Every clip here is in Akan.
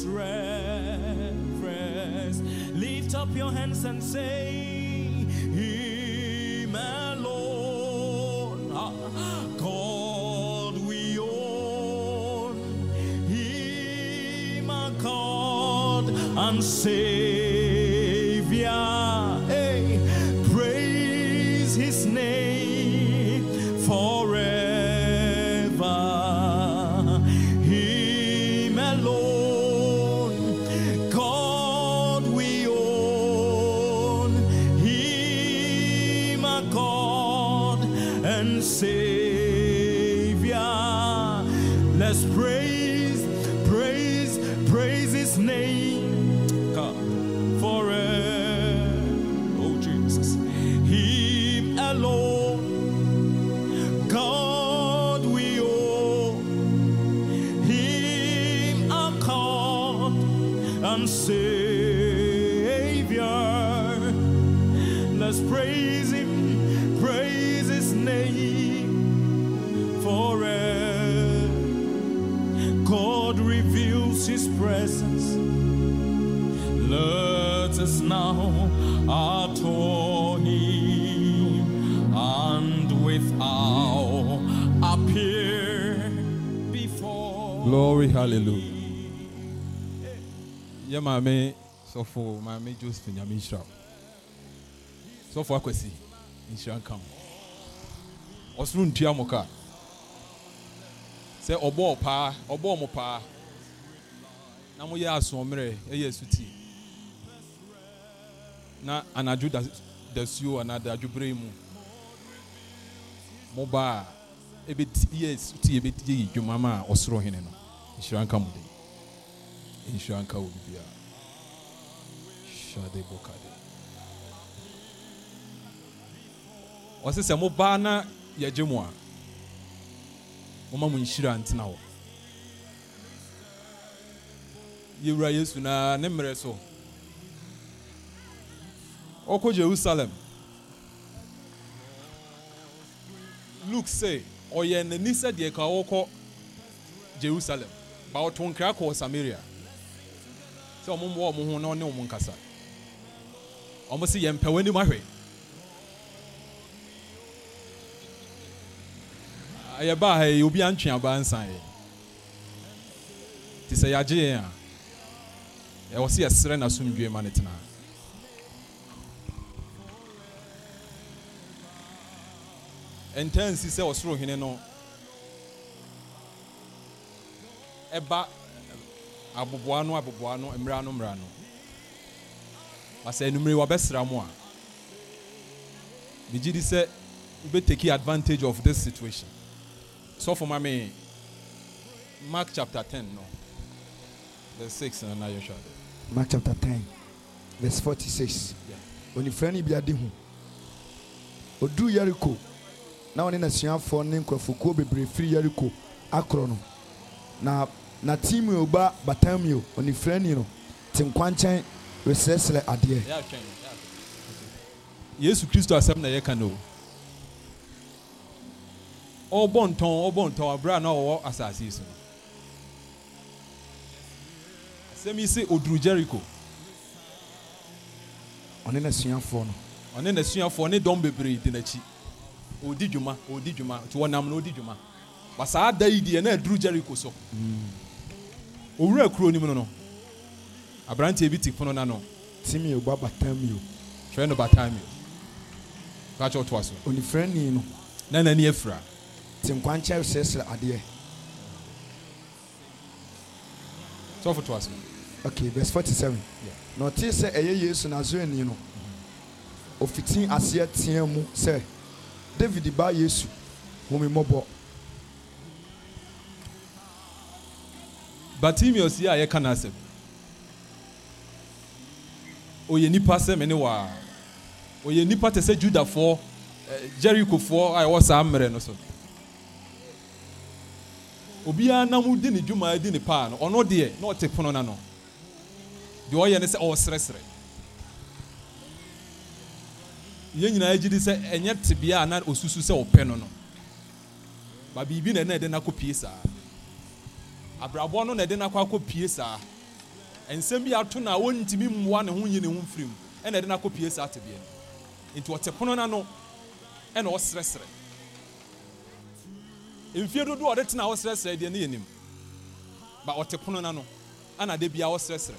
is reverence. Lift up your hands and say, Him alone, ah, God we own. Him our God and say. yɛ maame sɔfo maame joseph nyame nhyira sɔfo akwasi nhyira nka ho ɔsoro ntua mo ka sɛ ɔbɔɔ paa ɔbɔɔ mo paa na moyɛ asommerɛ ɛyɛ asuti na anadwo dasuo anaa adadwo berɛ mu mobaa ɛbɛti yɛ asuti ɛbɛti yɛ dwuma ma a ɔsoro hene no nhyira nka mo inshanka Ubia. Shade Bokade. Wɔse sɛ mobaa na yɛgye mo a, moma mo nhyira ntena hɔ. Yɛwura Yesu na ne mmerɛ so. Ɔkɔ Jerusalem. Luke sɛ ɔyɛ n'ani sɛ ka ɔkɔ Jerusalem, ba ɔto nkra kɔɔ Samaria. sɛ ɔmo mmoa ɔmo ho na ɔne ɔmo nkasa ɔmo si yɛn mpɛ w'anim ahwɛ ah, yɛ baa ha yi obi antwe abaa nsan yi te sɛ yɛagye yɛn a ɛwɔ sɛ yɛsrɛ n'asomdwe ma ne tena ntansi sɛ ɔsoro hene no ɛba aboboa no aboboa no mmra no mmra no wasɛ numere wabɛsra mu a megye di sɛ take advantage of this situation sɔfo ma me mark chapter ten, no verse 6 na yɛhwɛ mark chapter ten, verse forty-six. 46 onifirɛ no bi ade ho ɔduu yeriko na ɔne n'asuafoɔ ne nkurɔfokuo bebree firi yeriko akorɔ no na na timio ba batamio onifirani no te nkwankyɛn resrɛsrɛ adeɛ yesu kristo asɛm na yɛka no ɔbɔ ntɔn ɔbɔ ntɔn abira na ɔwɔ asase yi so no asɛm yi sɛ oduru jericho ɔne n'asuafoɔ no ɔne n'asuafoɔ ne dɔm bebree di n'akyi odi dwuma odi dwuma nti wɔnam na odi dwuma basaa da yi deɛ na aduru jericho so. Mm owura kuro nim no no aberanteɛ bi te pono n'ano timio ba batamio frɛ no batamio kakyɛ ɔtoa so onifrɛni no na n'ani afira te nkwankyɛ sɛsrɛ adeɛ sɔfo toa so okay verse forty seven na ɔte sɛ ɛyɛ yesu nazareni no ofitin aseɛ teɛ mu sɛ david ba yesu wɔn mi mɔbɔ. bartimeus yi a yɛka n'asɛm ɔyɛ nipa sɛm ne waa ɔyɛ nipa te sɛ judafoɔ jerikofoɔ a ɛwɔ saa mmerɛ no so obiara nam di ne dwuma di ne paa no ɔno deɛ na ɔte pono n'ano deɛ ɔyɛ ne sɛ ɔresrɛsrɛ yɛn nyinaa gyi di sɛ ɛnyɛ tebea a na osusu sɛ ɔpɛ no no ba biribi na ɛna ɛde n'akɔ pie saa. abrabɔ no na ɛde n'akɔ akɔ pie saa nsɛm bi ato na wɔntumi mmoa ne ho nyi ne ho mfiri mu ɛna ɛde n'akɔ pie saa te deɛ nti ɔte pono n'ano ɛna ɔsrɛsrɛ mfie dodoɔ ɔde tena ɔsrɛsrɛ deɛ ne yɛ nim ba ɔte pono n'ano ɛna de bia ɔsrɛsrɛ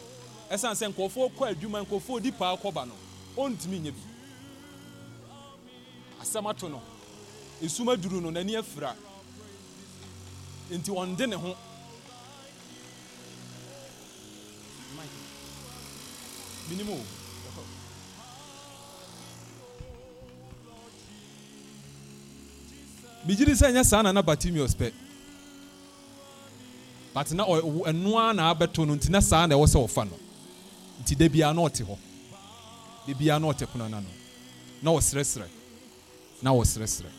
ɛsan sɛ nkɔfoɔ kɔ adwuma nkɔfoɔ di paa kɔba no ɔntumi nye bi asɛm ato no esum aduru no n'ani afira nti ɔnde ne ho Minimu. megyiri sɛ ɛnyɛ saa na na batimius pɛ but na ɛno ara na abɛto no nti na saa na ɛwɔ sɛ ɔfa no nti da biara na ɔte hɔ da biara na ɔte pono no na ɔsrɛsrɛ na ɔsrɛsrɛ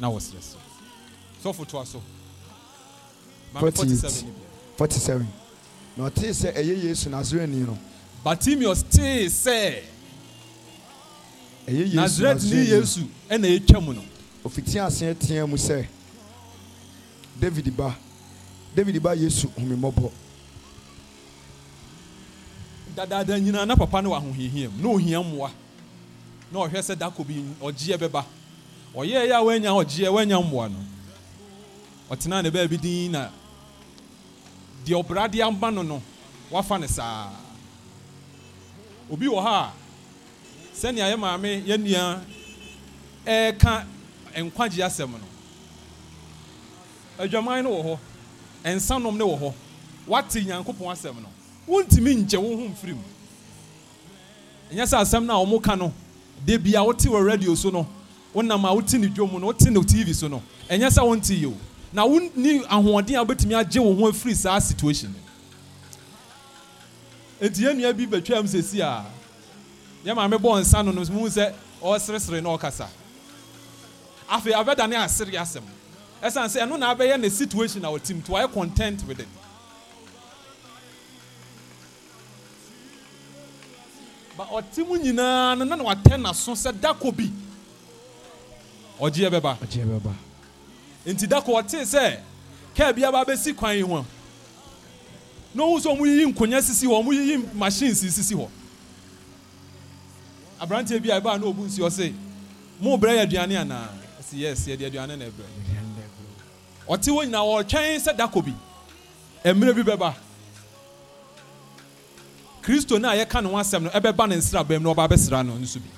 na ɔsrɛsrɛ sɔfo toa so maame forty seven na ɔtee sɛ ɛyɛ yesu nazareni no bartimeus tee sɛ nazaret ni yesu ɛna ɛtwa mu no ofiti aseɛ teɛ mu sɛ david ba david ba yesu homemmɔbɔ dadaada nyinaa na papa no wɔ ahohiahia mu na ohia mmoa na ɔhwɛ sɛ dako bi ɔgyeɛ bɛba ɔyɛ ɛyɛ a wanya ɔgyeɛ wanya mmoa no ɔtena ne baabi din na deɛ ɔbradeɛ ama no no wafa ne saa obi wɔ hɔ a sɛnea yɛ maame yɛ nua ɛɛka nkwagye asɛm no adwaman no wɔ hɔ nsanom no wɔ hɔ wate nyankopɔn asɛm no wontumi nkyɛ wo ho mfiri mu ɛnyɛ sɛ asɛm no a wɔn ka no de bia wote wɔ radio so no wonam a wote ne dwom no wote ne tv so no ɛnyɛ sɛ wonte yio na wonni ahoɔden a wobɛtumi agye wo ho afiri saa situation no nti yɛn nua bi bɛtwa mu sɛsi a yɛ maame bɔ nsa no no mu sɛ ɔreseresere na ɔkasa afei abɛdane asere asɛm ɛsan sɛ ɛno na abɛyɛ ne situation a ɔtim to ayɛ content with it ba ɔte mu nyinaa no na na watɛ n'aso sɛ dako bi ɔgyeɛ bɛba ɔgyeɛ bɛba nti dako ɔte sɛ kaa bi aba abɛsi kwan yi ho na ohun sɛ ɔmo yiyi nkonya sisi hɔ ɔmo yiyi machines sisi hɔ aberanteɛ bi a ɛbaa e na obu nsi ɔse mo brɛ yɛ aduane anaa ɔsi yes yɛ de aduane na ɛbrɛ ɔte hɔ nyinaa ɔtwɛn sɛ dako bi mmerɛ bi bɛba kristo na a yɛka e e ne ho asɛm no ɛbɛba ne nsra bɛm na ɔba abɛsra no nso bi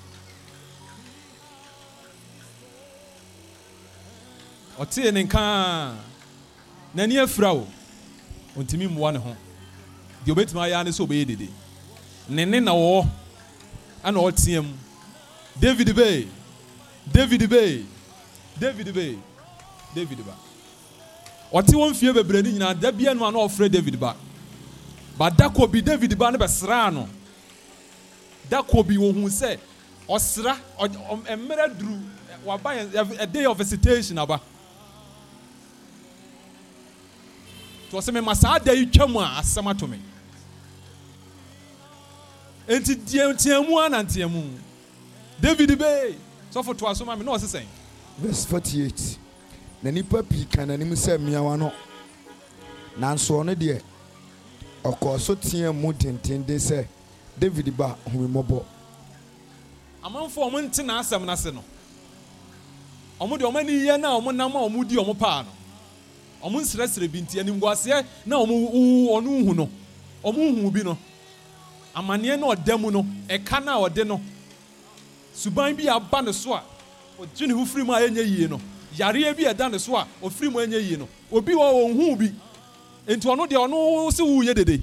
ɔtee ne nkaa n'ani afira o ɔntumi mmoa ne ho deɛ obetumi ayɛ ne sɛ obɛyɛ dede ne ne na wɔwɔ ɛna ɔteɛ mu david bee david bee david bee david ba ɔte wɔn fie bebree ne nyinaa da bia no a na ɔfrɛ david ba ba dako bi david ba no bɛsraa no dako bi wɔn ho sɛ ɔsra ɔ mmerɛ duru waba yɛ a day of visitation aba tɔ sɛ mɛ ma saa da yi twɛ mu a asɛm ato me. nti teamu a nanteamu david bee sɔfo to aso ma na ɔsi sɛn. verse forty eight na nipa pii ka n'anim sɛ mmeawa no nanso ɔno deɛ ɔkɔɔ so teamu dendenden sɛ david ba ahomimɔbɔ. amanfo ɔmo nte n'asɛm n'ase no ɔmo na ɔmo nam a ɔmo di ɔmo paa na ɔmo ɔno amanneɛ na ɔda mu no ɛka na ɔde no suban bi aba ne so a ɔgye ne ho firi mu a ɛnyɛ yie no yareɛ bi ɛda ne so a ɔfiri mu ɛnyɛ yie no obi wɔ ɔnhu bi nti ɔno deɛ ɔno si wuyɛ dede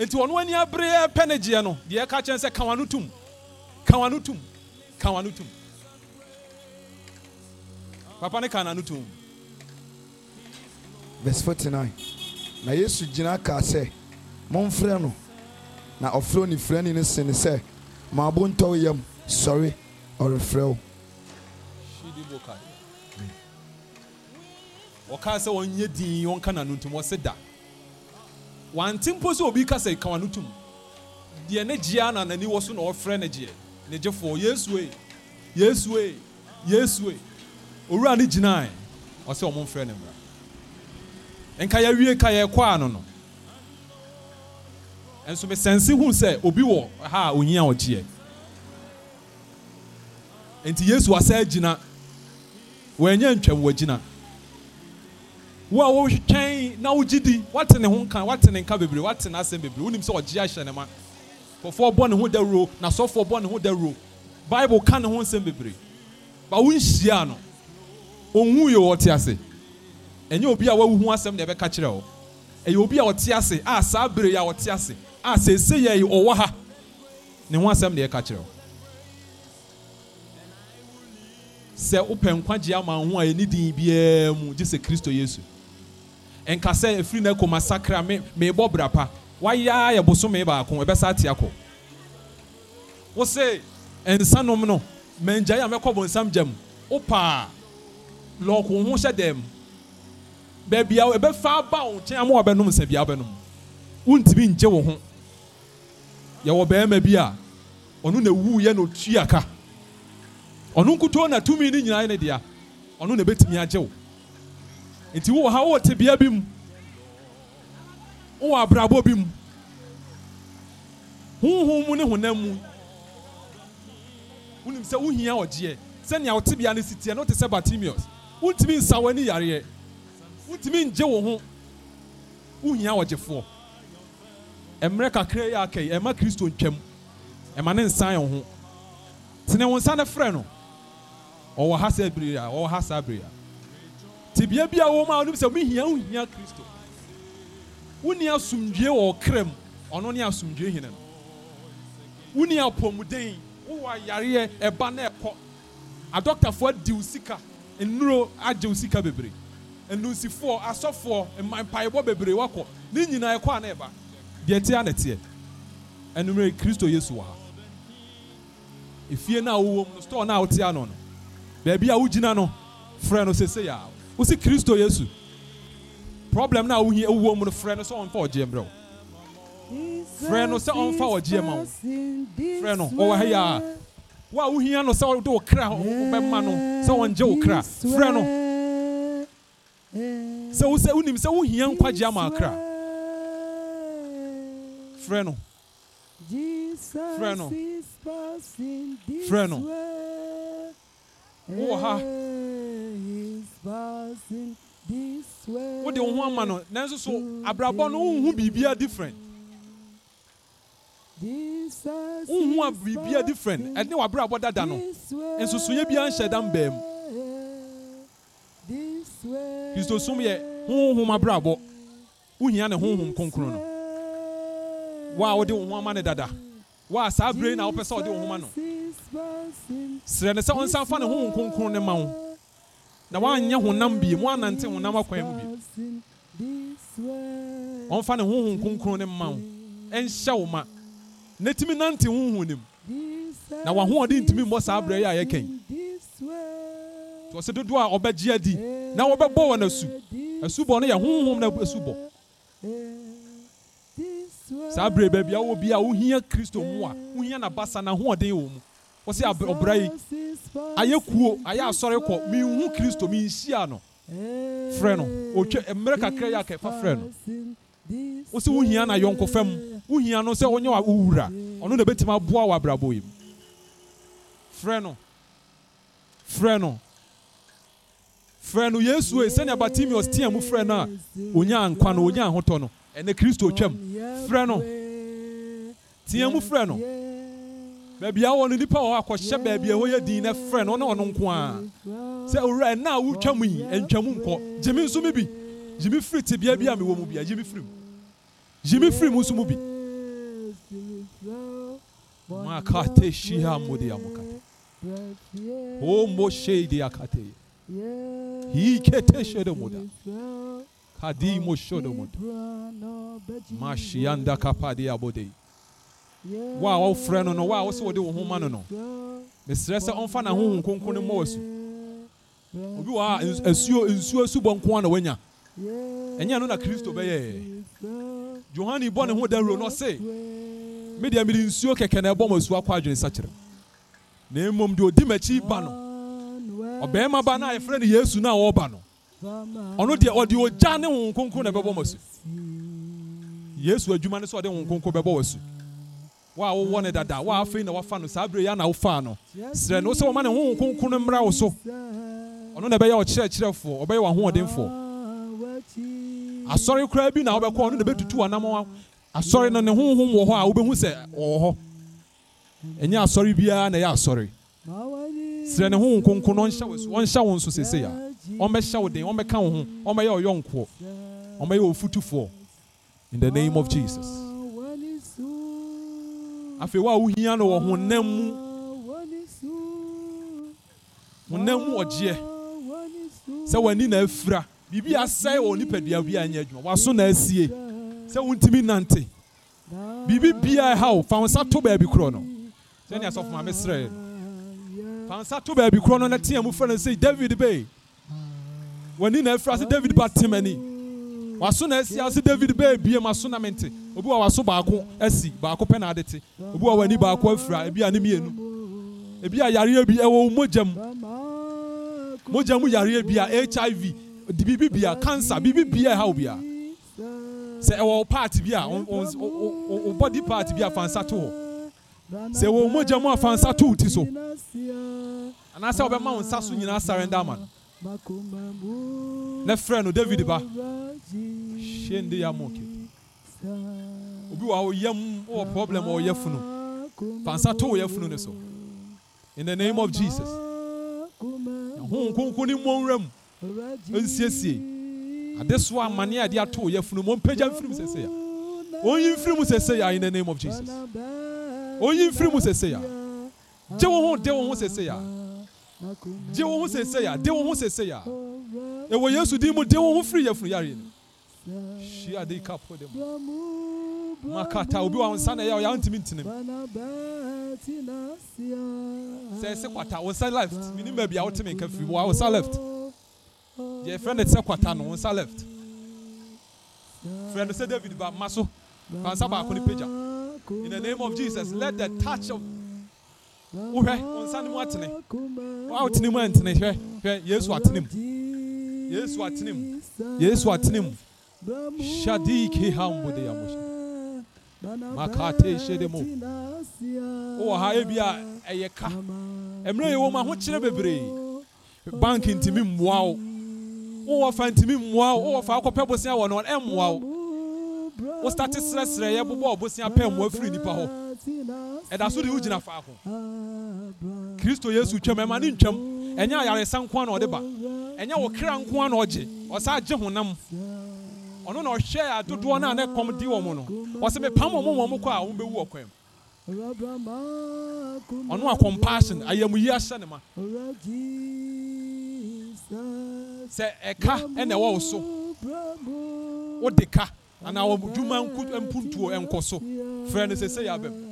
nti ɔno ani abere pɛ ne gyeɛ no deɛ ɛka kyɛn sɛ kawa tum kawa tum kawa tum papa ne kana tum verse forty nine na yesu gyina kaa sɛ momfrɛ no na ɔfrɛ ne frɛni no sene sɛ maabo ntɔ yam sɔre ɔrefrɛ wo wɔkaa sɛ wɔnyɛ din wɔnka nano ntom wɔse da wante mpo sɛ obi ka sɛ ka wano tom deɛ ne gyea na n'ani wɔ so na ɔfrɛ ne gyeɛ ne gyefoɔ yesue yesue yesue owura ne gyinae ɔsɛ ɔmo mfrɛ ne mmra nka yɛawie ka yɛkɔa no no nso mesansi hu sɛ obi wɔ ha a onyia ɔkyeɛ nti yesu asan gyina wɔnyɛ ntwam wɔgyina wo a wɔtwɛn na wogye di wate ne ho nka wate ne nka bebree wate n'asɛm bebree wonim sɛ ɔgye ahyɛ ne ma fɔfoɔ bɔ ne ho dawuro na sɔfoɔ bɔ ne ho dawuro bible ka ne ho nsɛm bebree ba wonhyia no ohun yɛ wɔte ase ɛnyɛ obi a wawu ho asɛm na ɛbɛka kyerɛ wo ɛyɛ obi a ɔte ase a saa bere yɛ a ɔte ase a seesei yɛ ɔwɔ ha ne ho asɛm deɛ ɛka kyerɛ wo sɛ wopɛ nkwagye ama ho a ɛni din biara mu gye sɛ kristo yesu nka sɛ ɛfiri no akoma sakra me meebɔ bra pa wayɛ yɛ bosome baako ɛbɛsa ate akɔ wo se nsanom no mangyae a mɛkɔ bonsam gyam wopaa lɔɔko ho hyɛ dɛm baabi a ɛbɛfa aba wo nkyɛn ama wɔbɛnom nsa bia wobɛnom wontumi nkye wo ho yɛwɔ barima bi a ɔno na ewu yɛ na otu ɔno nkutuo na tumi ne nyinaa yɛ ne dea ɔno na ebetumi agye wo nti wowɔ ha wowɔ tebea bi mu wowɔ abrabɔ bi mu huhun mu ne honam mu wonim sɛ wohia ɔgyeɛ sɛnea wo tebea no si teɛ no te sɛ batimius wontumi nsa w'ani yareɛ wontumi ngye wo ho wohia ɔgyefoɔ mmerɛ kakra yi akɛyi ɛma kristo ntwam ɛma ne nsa yɛn ho tene wɔn nsa ne frɛ no ɔwɔ ha sɛ bere a ɔwɔ ha sa bere a tibia bi a wɔn mu a wɔn sɛ wɔn hia wɔn hia kristo wɔn ni asumdue wɔ ɔkra mu ɔno ne asumdue hene no wɔn ni apɔmuden wɔwɔ ayareɛ ɛba na ɛkɔ adɔktafoɔ adiw sika nnuro agyew sika bebree nnusifoɔ asɔfoɔ mpaebɔ bebree wɔkɔ ne nyinaa ɛkɔ a na ɛba. deɛ ɛte ana teɛ ɛnumere kristo yesu wɔ ha efie no a wowɔ mu no store no a wote ano no baabi a wogyina no frɛ no sese yɛ wosi kristo yesu problem no a wohi wowɔ mu no frɛ no sɛ ɔmfa ɔgyeɛ mbrɛ wo frɛ no sɛ ɔmfa ɔgyeɛ ma wo frɛ no wɔwɔ ha yɛ a wo a wohia no sɛ wode wo kra wobɛma no sɛ wɔngye wo kra frɛ no sɛ wo sɛ wonim sɛ wohia nkwagye ama kra Freno, freno, freno. no frɛ no wowɔ ha wode wo ama no nanso so abrabɔ no wonhu biribia different wonhu a biribia different ɛne wabrabɔ dada no nsusunyɛ biara nhyɛ da mbaa mu kristosom yɛ honhom abrabɔ wohia ne honhom kronkron no wa a wode wo ho ama no dada wa a saa berɛ na wopɛ sɛ wode wo ho ama no serɛ ne sɛ ɔnsan fa ne honhom kronkron ne ma wo na woanyɛ honam bie mu anante honam akwan mu bio ɔmfa ne honhom kronkron ne ma wo ɛnhyɛ wo ma na tumi nante honhom ne mu na wahoɔde ntumi mmɔ saa berɛ yɛ a yɛkɛn nti ɔsɛ dodoɔ a ɔbɛgye adi na wɔbɛbɔ wɔ no asu asubɔ no yɛ honhom na asubɔ saa bere baabi a wɔ bi a wohia kristo mu a wohia n'abasa na hoɔden wɔ mu wɔsi ɔbra yi ayɛ kuo ayɛ asɔre kɔ mihu kristo minhyia no frɛ no otwe mmerɛ kakra yi yɛ akɛfa frɛ no wosi wohia na yɔnko fam wohia no sɛ wonyɛ wa wowura ɔno na ebɛtumi aboa wɔ abrabɔ yi mu frɛ no frɛ no frɛ no yesu yi e, sɛnea bartimeus teɛ mu frɛ no a onyaa nkwa no onyaa ahotɔ no ɛnɛ kristo twam frɛ no teɛ mu frɛ no baabi a wɔn nipa wɔ akɔhyɛ baabi a wɔyɛ din na frɛ no ɔna ɔno nko a sɛ owura ɛna a wotwa mu yi ɛntwa mu nkɔ gyimi nso mi bi gyimi firi tibia bi a mi wɔ mu bi a gyimi firi mu gyimi firi mu nso mu bi mu akate hyia mu de amukate o mo hyɛ de akate yi kete hyɛ de mu da. Kadi Kadimo Shodomoto. yanda Kapadi Abode. Wa a wɔfrɛ no no wa a wɔsɛ wɔde wo ho ma no no mesrɛ sɛ ɔmfa n'ahohom kronkron no mmɔwɔ so obi wɔ a nsuo nsuo subɔ nko a wanya ɛnyɛ no na kristo bɛyɛ johane bɔ ne ho dawuro no ɔse me deɛ mede nsuo kɛkɛ na ɛbɔ ma asu akɔ adwene sakyerɛ na mmom deɛ ɔdi m'akyi ba no ɔbɛrima ba no yɛfrɛ no yesu na a wɔreba no ɔno deɛ ɔde ogya ne honhom kronkron na ɛbɛbɔ mo asu yesu adwuma ne sɛ ɔde honhom kronkron bɛbɔ wɔ asu wa a wowɔ ne dada na wafa no saa berɛ yi ana wofaa no serɛ no wo sɛ wɔma ne honhom kronkron no mmra so ɔno na ɛbɛyɛ ɔkyerɛkyerɛfoɔ ɔbɛyɛ w'ahoɔdenfoɔ asɔre koraa bi na ɔno na ɛbɛtutu asɔre no ne honhom wɔ hɔ a wobɛhu sɛ ɔwɔ hɔ ɛnyɛ asɔre biara na ɛyɛ asɔre ne honhom no ɔnhyɛ so ɔmmɛhyɛ wo den ɔmmɛka wo ho ɔmmɛyɛ wo yɔnkoɔ ɔmmɛyɛ wo futufoɔ in the name of jesus afei wo a wohia no wɔ honam mu honam mu ɔgyeɛ sɛ w'ani na afira biribi asɛe wɔ nipadua bi a nyɛ adwuma w'aso na asie sɛ wontumi nante biribi biara ɛha wo fa to baabi korɔ no sɛnea sɔfo maame serɛ fa nsa to baabi korɔ no na teɛ mu fɛ no sɛ david bɛe w'ani na afira sɛ david ba tem ani w'aso na asi ase david bɛɛ bie ma so na mente obi wa w'aso baako asi baako pɛ na ade te obi wa w'ani baako afira ebi a ne mmienu ebi a yareɛ bi ɛwɔ mu mogya mu yareɛ bi a hiv biribi bi a cancer biribi bi a ɛha wo a sɛ ɛwɔ part bi a o body part bi a fansa to hɔ sɛ ɛwɔ mogya a fansa to wo ti so anaasɛ wɔbɛma wo nsa so nyinaa surrender ama no ne frɛ no david ba hyɛ nde yɛ amɔke obi wɔ a wɔ problem a ɔyɛ funu pansa to ɔyɛ funu ne so in the name of jesus ɛho nkonko ne mmɔnwura mu nsiesie adesoa amane a ɛde ato ɔyɛ funu mu mfiri mu sɛsɛ ya ɔnyi mfiri mu sɛsɛ ya in the name of jesus ɔnyi mfiri mu sɛsɛ ya gye wo ho de wo ho sɛsɛ ya gye wo ho sɛsɛ yɛ a de wo ho sɛsɛ yɛ a ɛwɔ yesu din mu de wo ho firi yɛfunu yare no hyia de kapo de mu makata obi wɔ nsa na ɛyɛ ɔyɛ antimi ntena mu sɛ ɛsɛ kwata wo nsa left menim baabi a wote me nka firi wo nsa left yɛfrɛ no sɛ kwata no wo nsa left frɛ no sɛ david ba ma so fa baako ne pagya in the name of jesus let the touch of wohwɛ wɔn nsa ne mu atene wɔn a wɔtene mu antene hwɛ hwɛ yesu atene mu yesu atene mu yesu atene mu shadi keha mbode ya mosha makate de mu wowɔ ha ebi a ɛyɛ ka mmerɛ yɛ wɔ mu ahokyerɛ bebree bank ntumi mmoa wo wowɔ fa ntumi mmoa wo wowɔ fa akɔpɛ bosea wɔ no ɛmmoa wo wo starte serɛserɛ yɛ bobɔ ɔbosea pɛ mmoa firi nipa hɔ ɛda so de wogyina faako kristo yesu twam ɛma ne ntwam ɛnyɛ ayaresa nko a na ɔde ba ɛnyɛ wo kra nko a na ɔgye ɔsa agye honam ɔno na ɔhwɛ adodoɔ no a na ɛkɔm di wɔ mo no ɔsɛ mepam wɔ mo wɔ mo kɔ a wɔmbɛwu ɔkwan mu ɔno a compassion ayamyi ahyɛ ne ma sɛ ɛka ɛna ɛwɔ wo so wode ka anaa wɔdwuma mpuntuo ɛnkɔ so frɛ no sɛ sɛ yɛ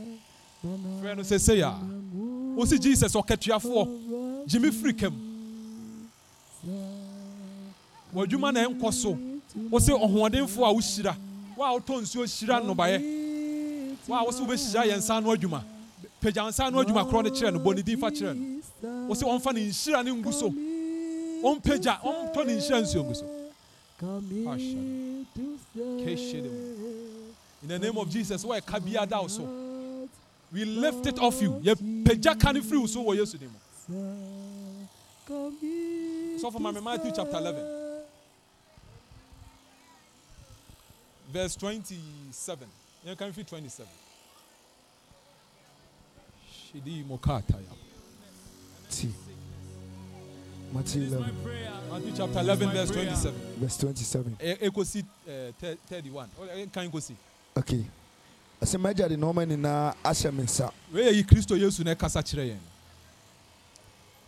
Wadwuma na ɛnkɔ so wo ɔhoɔdenfoɔ a wohyira wo a wotɔ nsuo hyira nnobaeɛ wo a wo wobɛhyira yɛ nsa adwuma pagya nsa adwuma korɔ kyerɛ no bɔ ne din fa kyerɛ no wo ɔmfa ne nhyira ne ngu so ɔmpagya ɔmtɔ ne nhyira nsuo ngu so in the name of jesus woɛka are da wo so we lift it off you. Yɛpagya ka ne firi wo so wɔ Yesu din mu. Sɔfo maame Matthew chapter eleven verse twenty-seven. Yɛn kan feel twenty-seven. Shidi mokata ya. Ti. Matthew 11. Matthew chapter 11, verse 27. Verse 27. Eko si eh, 31. Can you go see? Okay. ɛsɛ magya de nneɛma nyinaa ahyɛ me nsa wei yɛyi kristo yesu na ɛkasa kyerɛ yɛn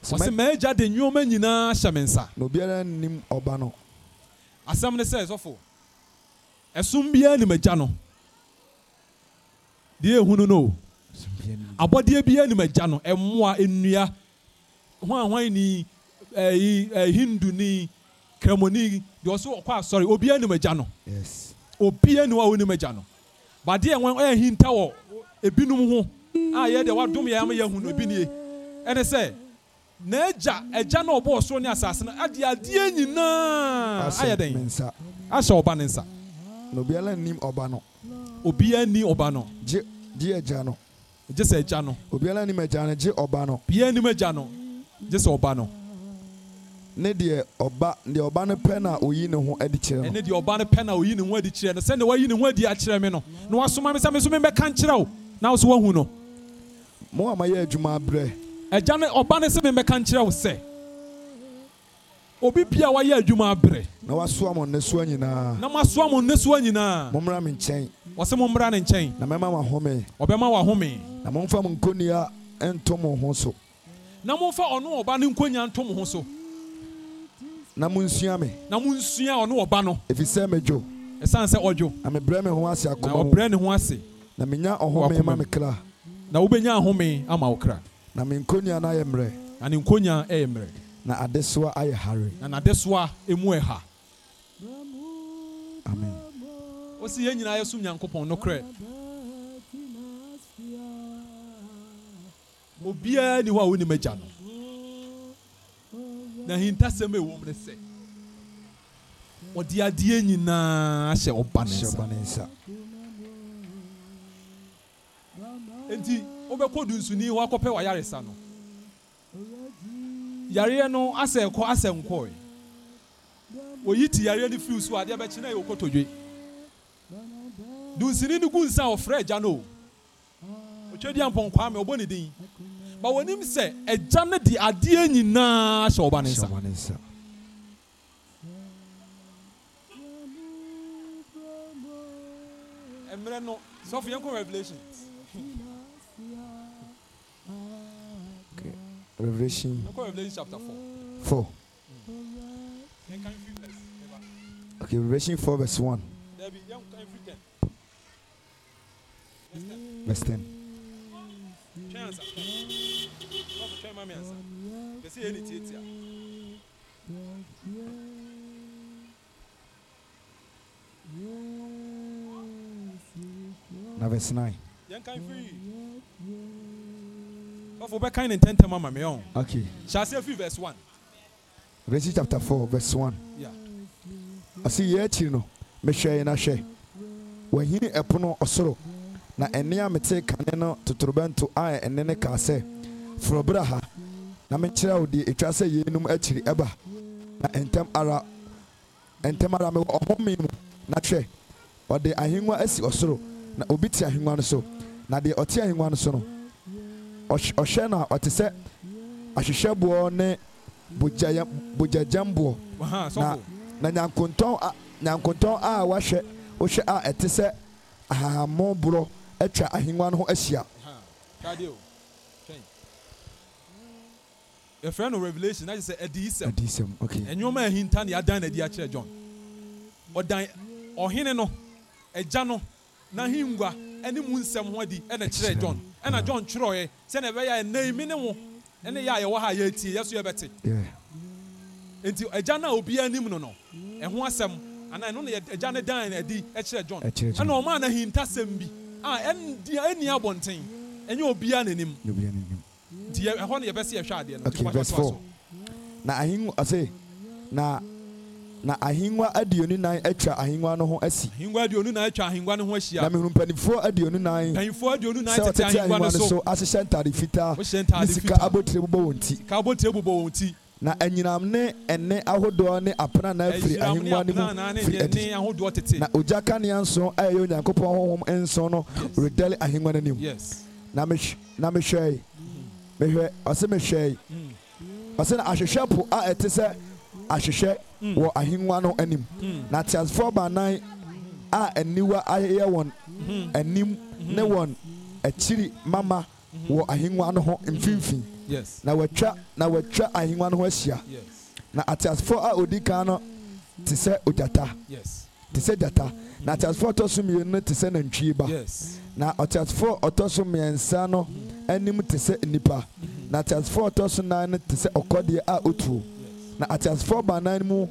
ɔsɛ magya de nneɛma nyinaa ahyɛ me nsa na obiara nnim ɔba no asɛm ne sɛ ɛsɔfo ɛsom biara nim agya no deɛ ehunu no abɔdeɛ biara nim agya no ɛmoa nnua hwan hwan ni ɛyi ɛ eh, eh, hindu ni kremoni deɛ ɔso ɔkɔ asɔre obiara nim agya no obiara nim a onim agya no. badeɛ wɔn ɛyɛ eh, hinta wɔ ebinom ho a yɛ deɛ wadum yɛ ama yɛhu no ebi ɛne sɛ n'agya agya na ɔbɔ ɔsoro ne asase no adeɛ adeɛ nyinaa ayɛ dɛn ahyɛ ɔba ne nsa. na obiara nnim ɔba no. obiara nni ɔba no. gye gye agya no. gye sɛ agya no. obiara nnim agya no gye ɔba no. obiara nnim agya no gye sɛ ɔba no. ne deɛ ɔba deɛ ɔba ne pɛ na oyi ne ho adi kyerɛ no ne deɛ ɔba ne pɛ na oyi ne ho adi kyerɛ no sɛdeɛ wayi ne ho adi akyerɛ me no na wasoma me sɛ me nso membɛka nkyerɛ o na wo so woahu no mo a yɛ adwuma abrɛ agya ne ɔba no sɛ membɛka nkyerɛ o sɛ obi bia wayɛ adwuma abrɛ na wasoa mo nnesoa nyinaa na moasoa mo nnesoa nyinaa mra me nkyɛn wɔse mommra ne nkyɛn na mɛma mo ahome ɔbɛma wo ahome na momfa mo nkonia nto mo ho so na momfa ɔno ɔba ne nkonya nto mo ho so na mu nsua me na mu nsua ɔne ɔba no ɛfiri sɛ medwo ɛsiane sɛ ɔdwo na mebrɛ me ho ase akoma na ɔbrɛ ne ho ase na menya ɔhome ma me kra na wobɛnya ahome ama wo kra na me nkonya no ayɛ mmerɛ na ne nkonya ɛyɛ mmerɛ na adesoa ayɛ hare na n'adesoa emu ɛha amen wosi yɛn nyinaa yɛsom nyankopɔn nokorɛ obiara ni hɔ a wonim agya no na ahintasɛm a e ɛwɔ mu no sɛ ɔde adeɛ nyinaa ahyɛ ɔba ne nsa nti wobɛkɔ dunsuni hɔ akɔpɛ wayaresa no yareɛ no asɛ ɛkɔ asɛ nkɔɛ oyi ti yareɛ no firi so adeɛ bɛkye na yɛ okotodwe dunsini no gu nsa a ɔfrɛ agya no o otwa di ɔbɔ ne din ba wɔn anim sɛ ɛgya ne de adeɛ nyinaa hyɛ ɔba ne nsa. mmerɛ no sɔfo yɛn kɔ revolution. okay revolution. yɛn kɔ revolution chapter four. four. yɛn okay revolution four verse one. verse ten. miɛnsa kɛse yɛ ne tietia na verse 9 yɛnkan firi ɔfo wobɛkan ne ntɛntɛm ama me ɔn okay hyɛ aseɛ verse one. Genesis chapter 4 verse 1 yeah. ɔse yɛ akyi no mehwɛe na hwɛ wahini ɛpono ɔsoro na ɛne a mete kane no totorobɛnto a ɛne ne kaa sɛ forɔberɛ ha na menkyerɛ wo deɛ ɛtwa sɛ yeinom akyiri ɛba na ntɛm ara ntɛm ara mewɔ ɔhome mu na hwɛ ɔde ahengua asi ɔsoro na obi te ahengua no so na deɛ ɔte ahengua no so no ɔhwɛ no a ɔte sɛ ahwehwɛboɔ ne bogyayamboɔ na na nyankontɔn a nyankontɔn a wahwɛ wohwɛ a ɛte sɛ ahahammoborɔ atwa ahengua no ho ahyia yɛfrɛ no revelation na kyerɛ sɛ adiisɛm adiisɛm okay ɛnwoma a ɛhinta ne adan na ɛdi akyerɛ john ɔdan ɔhene no ɛgya no n'ahengua ɛne mu nsɛm ho adi ɛna kyerɛ john ɛna john twerɛɛ sɛnɛ ɛbɛyɛ a ɛnɛyi mi ne wo ɛne yɛ a yɛwɔ ha yɛretie yɛso yɛbɛte nti ɛgya no a obiara anim no no ɛho asɛm anaa ɛno na ɛgya no dan na ɛdi ɛkyerɛ john ɛna ɔmaa na ahinta sɛm bi a ɛnni abɔnten ɛnyɛ obiara n'anim nti ɛhɔ no adeɛ na ahengua ɔse na na ahengua aduonu nan atwa ahengua no ho asi ahengua aduonu nan atwa ahengua no ho na mehunu mpanimfoɔ aduonu nan mpanimfoɔ aduonu nan tete ahengua no so ahyehyɛ ntaade fitaa wɔhyɛ ntaade fitaa sika abotire bobɔ wɔn abotire bobɔ wɔn na anyinam ne ɛne ahodoɔ ne apena na afiri ahengua no mu firi na ogya kanea nson a ɛyɛ mehwɛ ɔsɛ mehwɛ yi ɔsɛ na ahwehwɛ po a ɛte sɛ ahwehwɛ wɔ ahengua no anim na teasefoɔ baanan a aniwa ayɛ wɔn anim ne wɔn akyiri mama wɔ ahengua no ho mfimfini na wɔatwa na wɔatwa ahengua no ho ahyia na ateasefoɔ a odi kan no te sɛ ogyata te sɛ gyata na a tɔ so mmienu te sɛ nantwie ba. Yes. na ɔteasefoɔ ọtọ so mmiɛnsa no anim te sɛ nnipa na ateasefoɔ ɔtɔ so nan no te sɛ ɔkɔdeɛ a otuo na ateasefoɔ baanan mu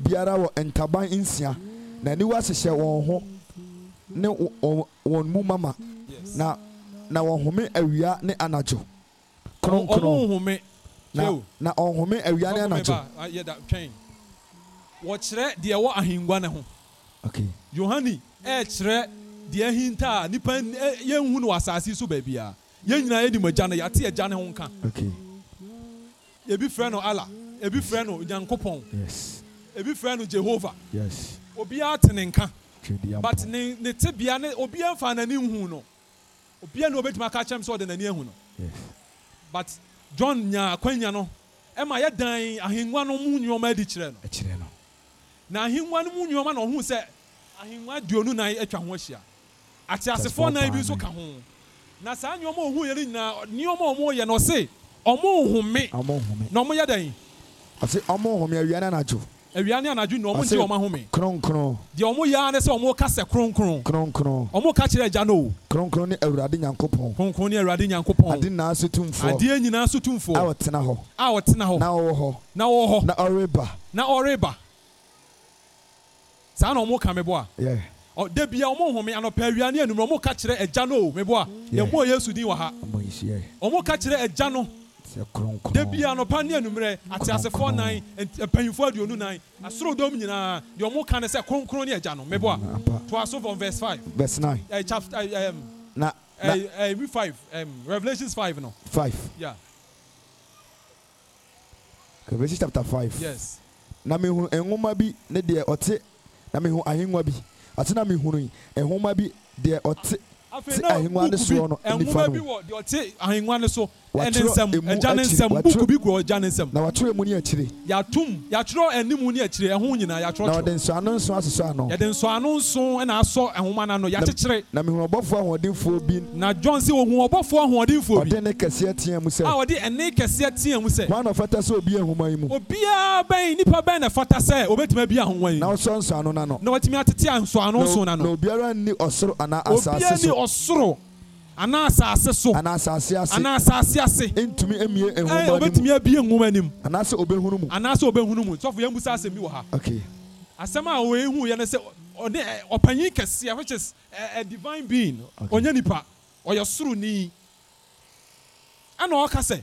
biara wɔ ntaban nsia na aniwa hyehyɛ wɔn ho ne wɔn mu mama na na wɔhome awia ne anadzo. kronkron na na ɔhome awia ne anadwo wɔkyerɛ deɛ ɛwɔ ahengua ne ho yohane ɛɛkyerɛ deɛ hinta a nipa yɛnhu no wɔ asase so baabi a yɛn nyinaa yɛdi mu agya no yɛate agya ne ho nka ebi frɛ no ala ebi frɛ no nyankopɔn ebi frɛ no jehova obiara te ne nka but ne ne tebea ne obiara nfa n'ani nhu no obiara na obetuma aka kyɛm sɛ ɔde n'ani ehu no but john nya akwanya no ɛma yɛ dan ahengua no mu nneɛma adi kyerɛ no na ahengua no mu nneɛma na ɔhu sɛ ahengua duonu nan atwa ho ahyia. ate nan nso ka ho na saa nneɛma a yɛ nyinaa nneɛma na wɔn yɛ dɛn. ɔse awia ne anadwo. awia ne anadwo na ọmụ nti wɔn ahome. kronkron. deɛ wɔn yɛ ara sɛ kasa kronkron. kronkron. wɔn ka kyerɛ no. kronkron awurade kronkron awurade na hɔ. na hɔ. na ɔreba. na ɔreba. saa na ka Debi a ɔmo home anɔpɛ awia ne anum ɔmo ka kyerɛ ɛgya no o meboa yɛn mo yesu din wɔ ha ɔmo ka kyerɛ ɛgya no de bia anɔpa ne anumrɛ ateasefoɔ nan mpanyinfoɔ aduonu nan asoro dɔm nyinaa deɛ ɔmo ka ne sɛ kronkron ne ɛgya no meboa mm, to aso from verse five verse nine ɛɛ chapter ɛɛ ɛɛm na ɛɛ ɛɛ five ɛɛm revelations five no five yeah revelation chapter five yes na mi hu nwoma bi ne deɛ ɔte na mi hu ahengua bi atena mehunu yi ɛhoma bi deɛ ɔte te ahengua ne soɔ no nifa no ɛne nsɛm ɛgya nsɛm buku bi gu ɔgya nsɛm. na watwerɛ emu ni akyire. yatum yatwerɛ ɛnimu ni akyire ɛho nyinaa yatwerɛ. na ɔde nsɔano nson asosɔ ano. yɛde nsɔano nson ɛna asɔ ɛhoma n'ano yakyekyere. na mihunɔbɔfoɔ ahoɔdenfoɔ bi. na john si ohunɔbɔfoɔ ahoɔdenfoɔ bi. ɔde ne kɛseɛ teɛ mu sɛ. a ɔde ɛne kɛseɛ teɛ mu sɛ. wɔn anafata sɛ obi ahoma yi mu. obiara bɛn nipa bɛn na fata sɛ obetumi bi ahoma yi. na ɔsɔ nsɔano n'ano. na watumi atete nsɔano nson n'ano. na obiara ni ɔsoro anaa asaase so. ɔsoro ana asase so ana asase ase ana asase ase ntumi emie nwoma eh, anim obetumi abie nwoma anim anaasɛ obehunu mu anaasɛ obehunu mu sɔfo yɛn busa asɛm wɔ ha okay asɛm a oehu yɛ no sɛ ɔne ɔpanyin kɛseɛ which is a, a divine being ɔnyɛ nipa ɔyɛ soro nii ɛna ɔka sɛ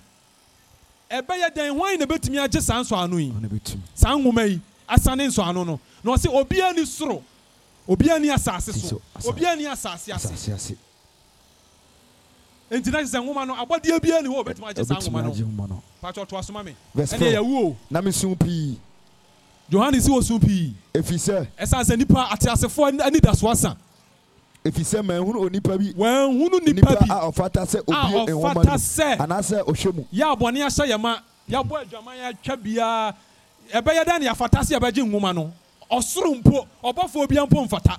ɛbɛyɛ dɛn hwan na ebetumi agye saa nsɔano yi saa nwoma yi asane nsɔano no na ɔsɛ obiara ni soro obiara ni asase so obiara ni asase ase nti na sisan nwoma no abɔdeɛ bia ni hɔ obetuma agye saa nwoma no patro to asoma mi ɛni ɛyɛ wu o. na mi sun pii. johannes wo sun pii. efisɛ. ɛsan sɛ nipa ate asefoɔ ɛni daso asan. efisɛ mɛ nhunu onipa bi. wɔn nhunu nipa bi. nipa a ɔfata sɛ obie nwoma no anaasɛ ɔhwɛ mu. yɛ abɔni ahyɛ yɛn ma yabɔ adwaman atwa biara ɛbɛyɛ dɛ ni afata sɛ yɛbɛgye nwoma no ɔsoro mpo ɔbɔfo obiara mpo mfata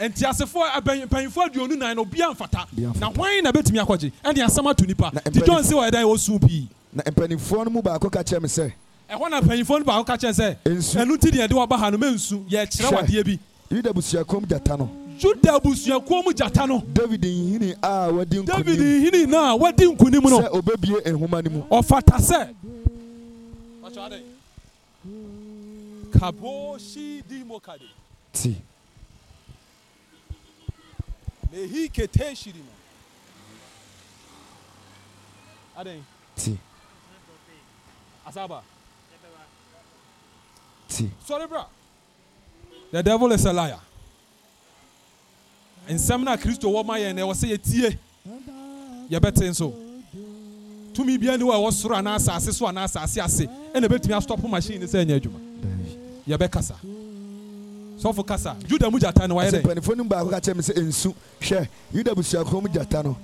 nti asefo mpanyinfo eh, aduonu nan no bia mfata na hwan na betumi akɔgye ɛni asɛm ato nipa ti john se ɔyɛ dan yɛ osu pii. na mpanyinfoɔ no mu baako ka kyerɛ mi sɛ. ɛhɔ na mpanyinfoɔ no baako ka kyerɛ sɛ. nsu ɛnu ti deɛ de wa ba ha no mɛ nsu yɛ kyerɛ wadeɛ bi. yuda busuakom jata no. yuda busuakom jata no. david nhini a wadi nkunim. david nhini na wadi nkunim no. sɛ obebie nhoma ni mu. ɔfata sɛ. kabo si di mo kade mehi kete shirima adan ti asaba ti sorry bra the devil is a liar nsɛm no a kristo wɔ ma yɛn na ɛwɔ sɛ yɛtie yɛbɛte nso tumi bia ni wɔ ɛwɔ soro anaa asase so anaa asase ase ɛna ɛbɛtumi astɔpo machine ne sɛ ɛnyɛ adwuma yɛbɛkasa sɔfo kasa yuda mu jata no wayɛ dɛ mpanyinfoɔ no baako ka kyerɛ mi sɛ nsu hwɛ yuda busuakuo mu jata no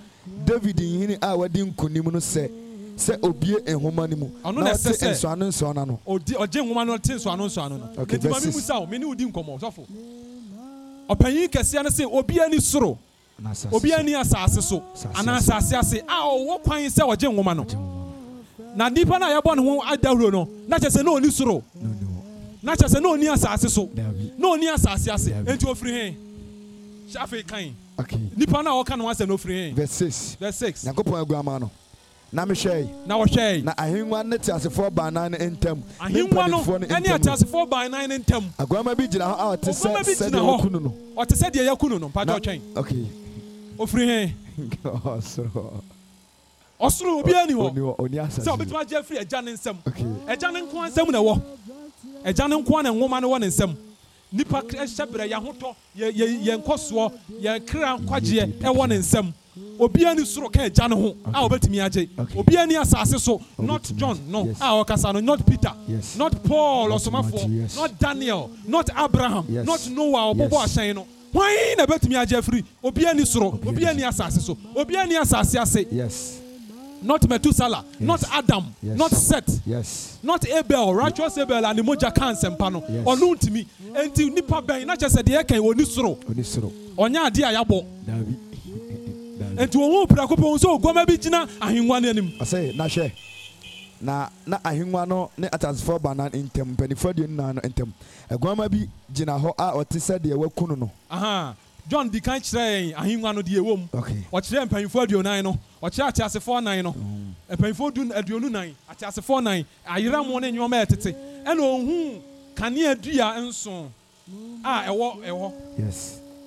david yini a wadi nkunim no sɛ sɛ obie nhoma no mu ɔno na ɛsɛ sɛ nsɔano nsɔano no ɔdi ɔgye nhoma no te nsɔano nsɔano no okay verse six mi mu sa o mi ni o di nkɔmɔ sɔfo ɔpanyin kɛseɛ no sɛ obia ni soro obia ni asase so ana asase ase a ɔwɔ kwan sɛ ɔgye nhoma no na nipa na yɛbɔ ne ho adahuro no na kyerɛ sɛ na oni soro. No, no na kyerɛ sɛ na ɔni asase so na ɔni asase ase enti ofiri hɛn hyɛ afei kan nipa na ɔka ne ho asɛ na ofiri hɛn verse six verse six nyankopɔn agu ama no na mehwɛe na wɔhwɛe na ahengua ne teasefoɔ baanan ne ntam ahengua no ne ateasefoɔ baanan ne ntam aguama bi gyina hɔ a ɔte sɛ sɛdeɛ yɛkunu no ɔte sɛ deɛ yɛkunu no mpata ɔtwɛn okay ofiri hɛn ɔsoro ɔsoro obiara ni hɔ sɛ ɔbɛtumi agye afiri agya ne nsam agya ne nko ansam na ɛwɔ agya ne nko na nwoma no wɔ ne nsam nipa hyɛ berɛ yɛn ahotɔ yɛn nkɔsoɔ yɛn kra nkwagyeɛ ɛwɔ ne nsam obiara ni soro ka agya ne ho a wɔbɛtumi agye obiara ni asase so not john no a ɔkasa no not peter not paul ɔsomafoɔ not daniel not abraham not noah ɔbɔbɔ ahyɛn no hwan na ɛbɛtumi agye afiri obiara ni soro obiara ni asase so obiara ni asase ase. not Methuselah, yes. not Adam, yes. not Seth, yes. not Abel, righteous Abel, and Moja Kansempa no. Ọ̀nù ntìmí, nipa nípa bẹ́ẹ̀ iná kyerẹ́ sẹ́ deẹ́ kẹ́yìn onísoro. Onísoro. Ọ̀nyá adé a yabọ̀. Dàbí. Ẹntì òun òpèrè àkópọ̀ òun sọ ògọ́mẹ́ bí gyina na hwẹ́ na na ahengua no ne atasefo ba na mpanyinfo nnan no bi gyina hɔ a ɔte sɛ deɛ wakunu no. john di kan kyerɛ yɛn ahengua no deɛ ɛwɔ mu ɔkyerɛ mpanyinfoɔ aduonan no ɔkyerɛ ateasefoɔ nan no mm. mpanyinfoɔ du aduonu nan ateasefoɔ nan ayeramu ne nneɛma ɛtete ɛna ohun kanea dua nson a ɛwɔ ɛwɔ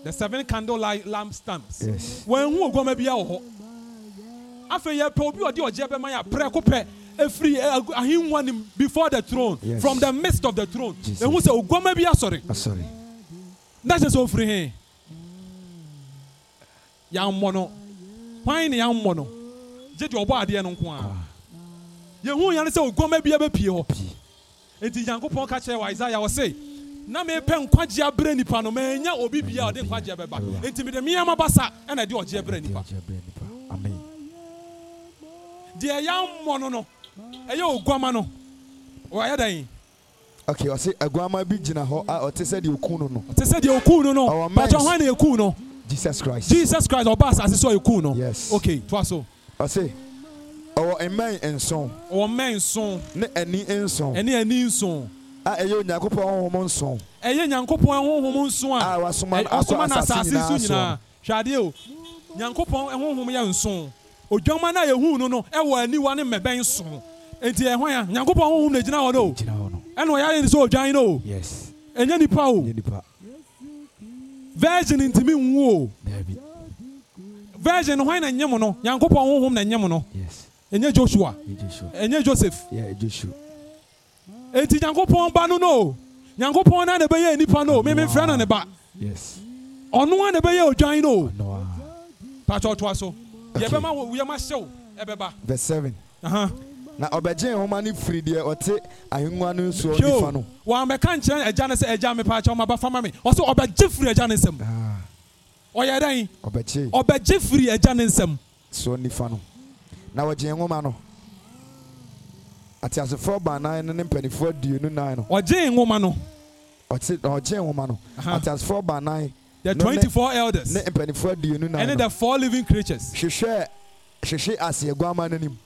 the seven candle light lamp stamps wɔn ehu oguama bi wɔ hɔ afei yɛ pɛ obi ɔde ɔgye bɛma yɛ aprɛ ko pɛ efiri eh, ahengua nim before the throne from the midst of the throne ehu sɛ oguama bi asɔre na kyerɛ sɛ ofiri hɛn yɛammɔ no hwan ne yɛammɔ no gye deɛ ɔbɔ adeɛ no nko a yɛhu yɛn sɛ oguama bia bɛpie hɔ enti nyankopɔn ka kyerɛ wɔ isaia wɔ se na mepɛ nkwagye abrɛ nipa no manya obi bia ɔde nkwagye bɛba enti mede meɛma basa ɛna ɛde ɔgye abrɛ nipa deɛ yɛammɔ no no ɛyɛ oguama no wɔyɛ dɛn okay ɔse aguama bi gyina hɔ a ɔte sɛ deɛ okuu no no ɔte sɛ deɛ okuu no no bàtɛ hwan na ekuu no jesus christ. jesus christ ọba asase sọ eku no. yes okay to so. ọsẹ ọwọ mmẹn nson. ọwọ mmẹn nson. ne ẹni nson. ẹni ẹni nson. a ɛyɛ onyankopɔn ahohom nson. ɛyɛ onyankopɔn ahohom nson a. a wasoma asoma n'asase nso nyinaa hwɛ adeɛ o nyankopɔn ahohom yɛ nson odwamma no a yɛhu no no ɛwɔ aniwa ne mmɛbɛn nson enti ɛhwan a nyankopɔn ahohom na gyina hɔ no ɛna ɔyɛ ayɛ ne sɛ odwan no o ɛnyɛ nipa o virgin ntumi nwu o virgin hwan na nye mu no nyankopɔn honhom na nye mu no enye joshua enye joseph eti nyankopɔn ba no no nyankopɔn na na ebɛyɛ nipa no mímí fira na ne ba ɔno a na ebɛyɛ odwan no patɔ to aso yɛ bɛ ma wuyɛ ma sew ɛbɛ ba. verse seven. Uh -huh na ɔbɛgye nhoma no firi deɛ ɔte ahengua no nsuo nifa no wɔamɛka nkyerɛ agya no sɛ agya mepa kyɛ ɔmaba fama me ɔsɛ ɔbɛgye firi agya no nsɛm ah. ɔyɛ dɛn ɔbɛgye firi agya no nsɛm suo nifa no na wɔgye nhoma no ateasefoɔ baanan no ne mpanimfoɔ aduonu nan no ɔgye nhoma no ɔte ɔgye nhoma no ateasefoɔ baanan the twenty-four elders ne mpanimfoɔ aduonu nan no ɛne the four living creatures hwehwɛ hwehwɛ aseɛ guama no anim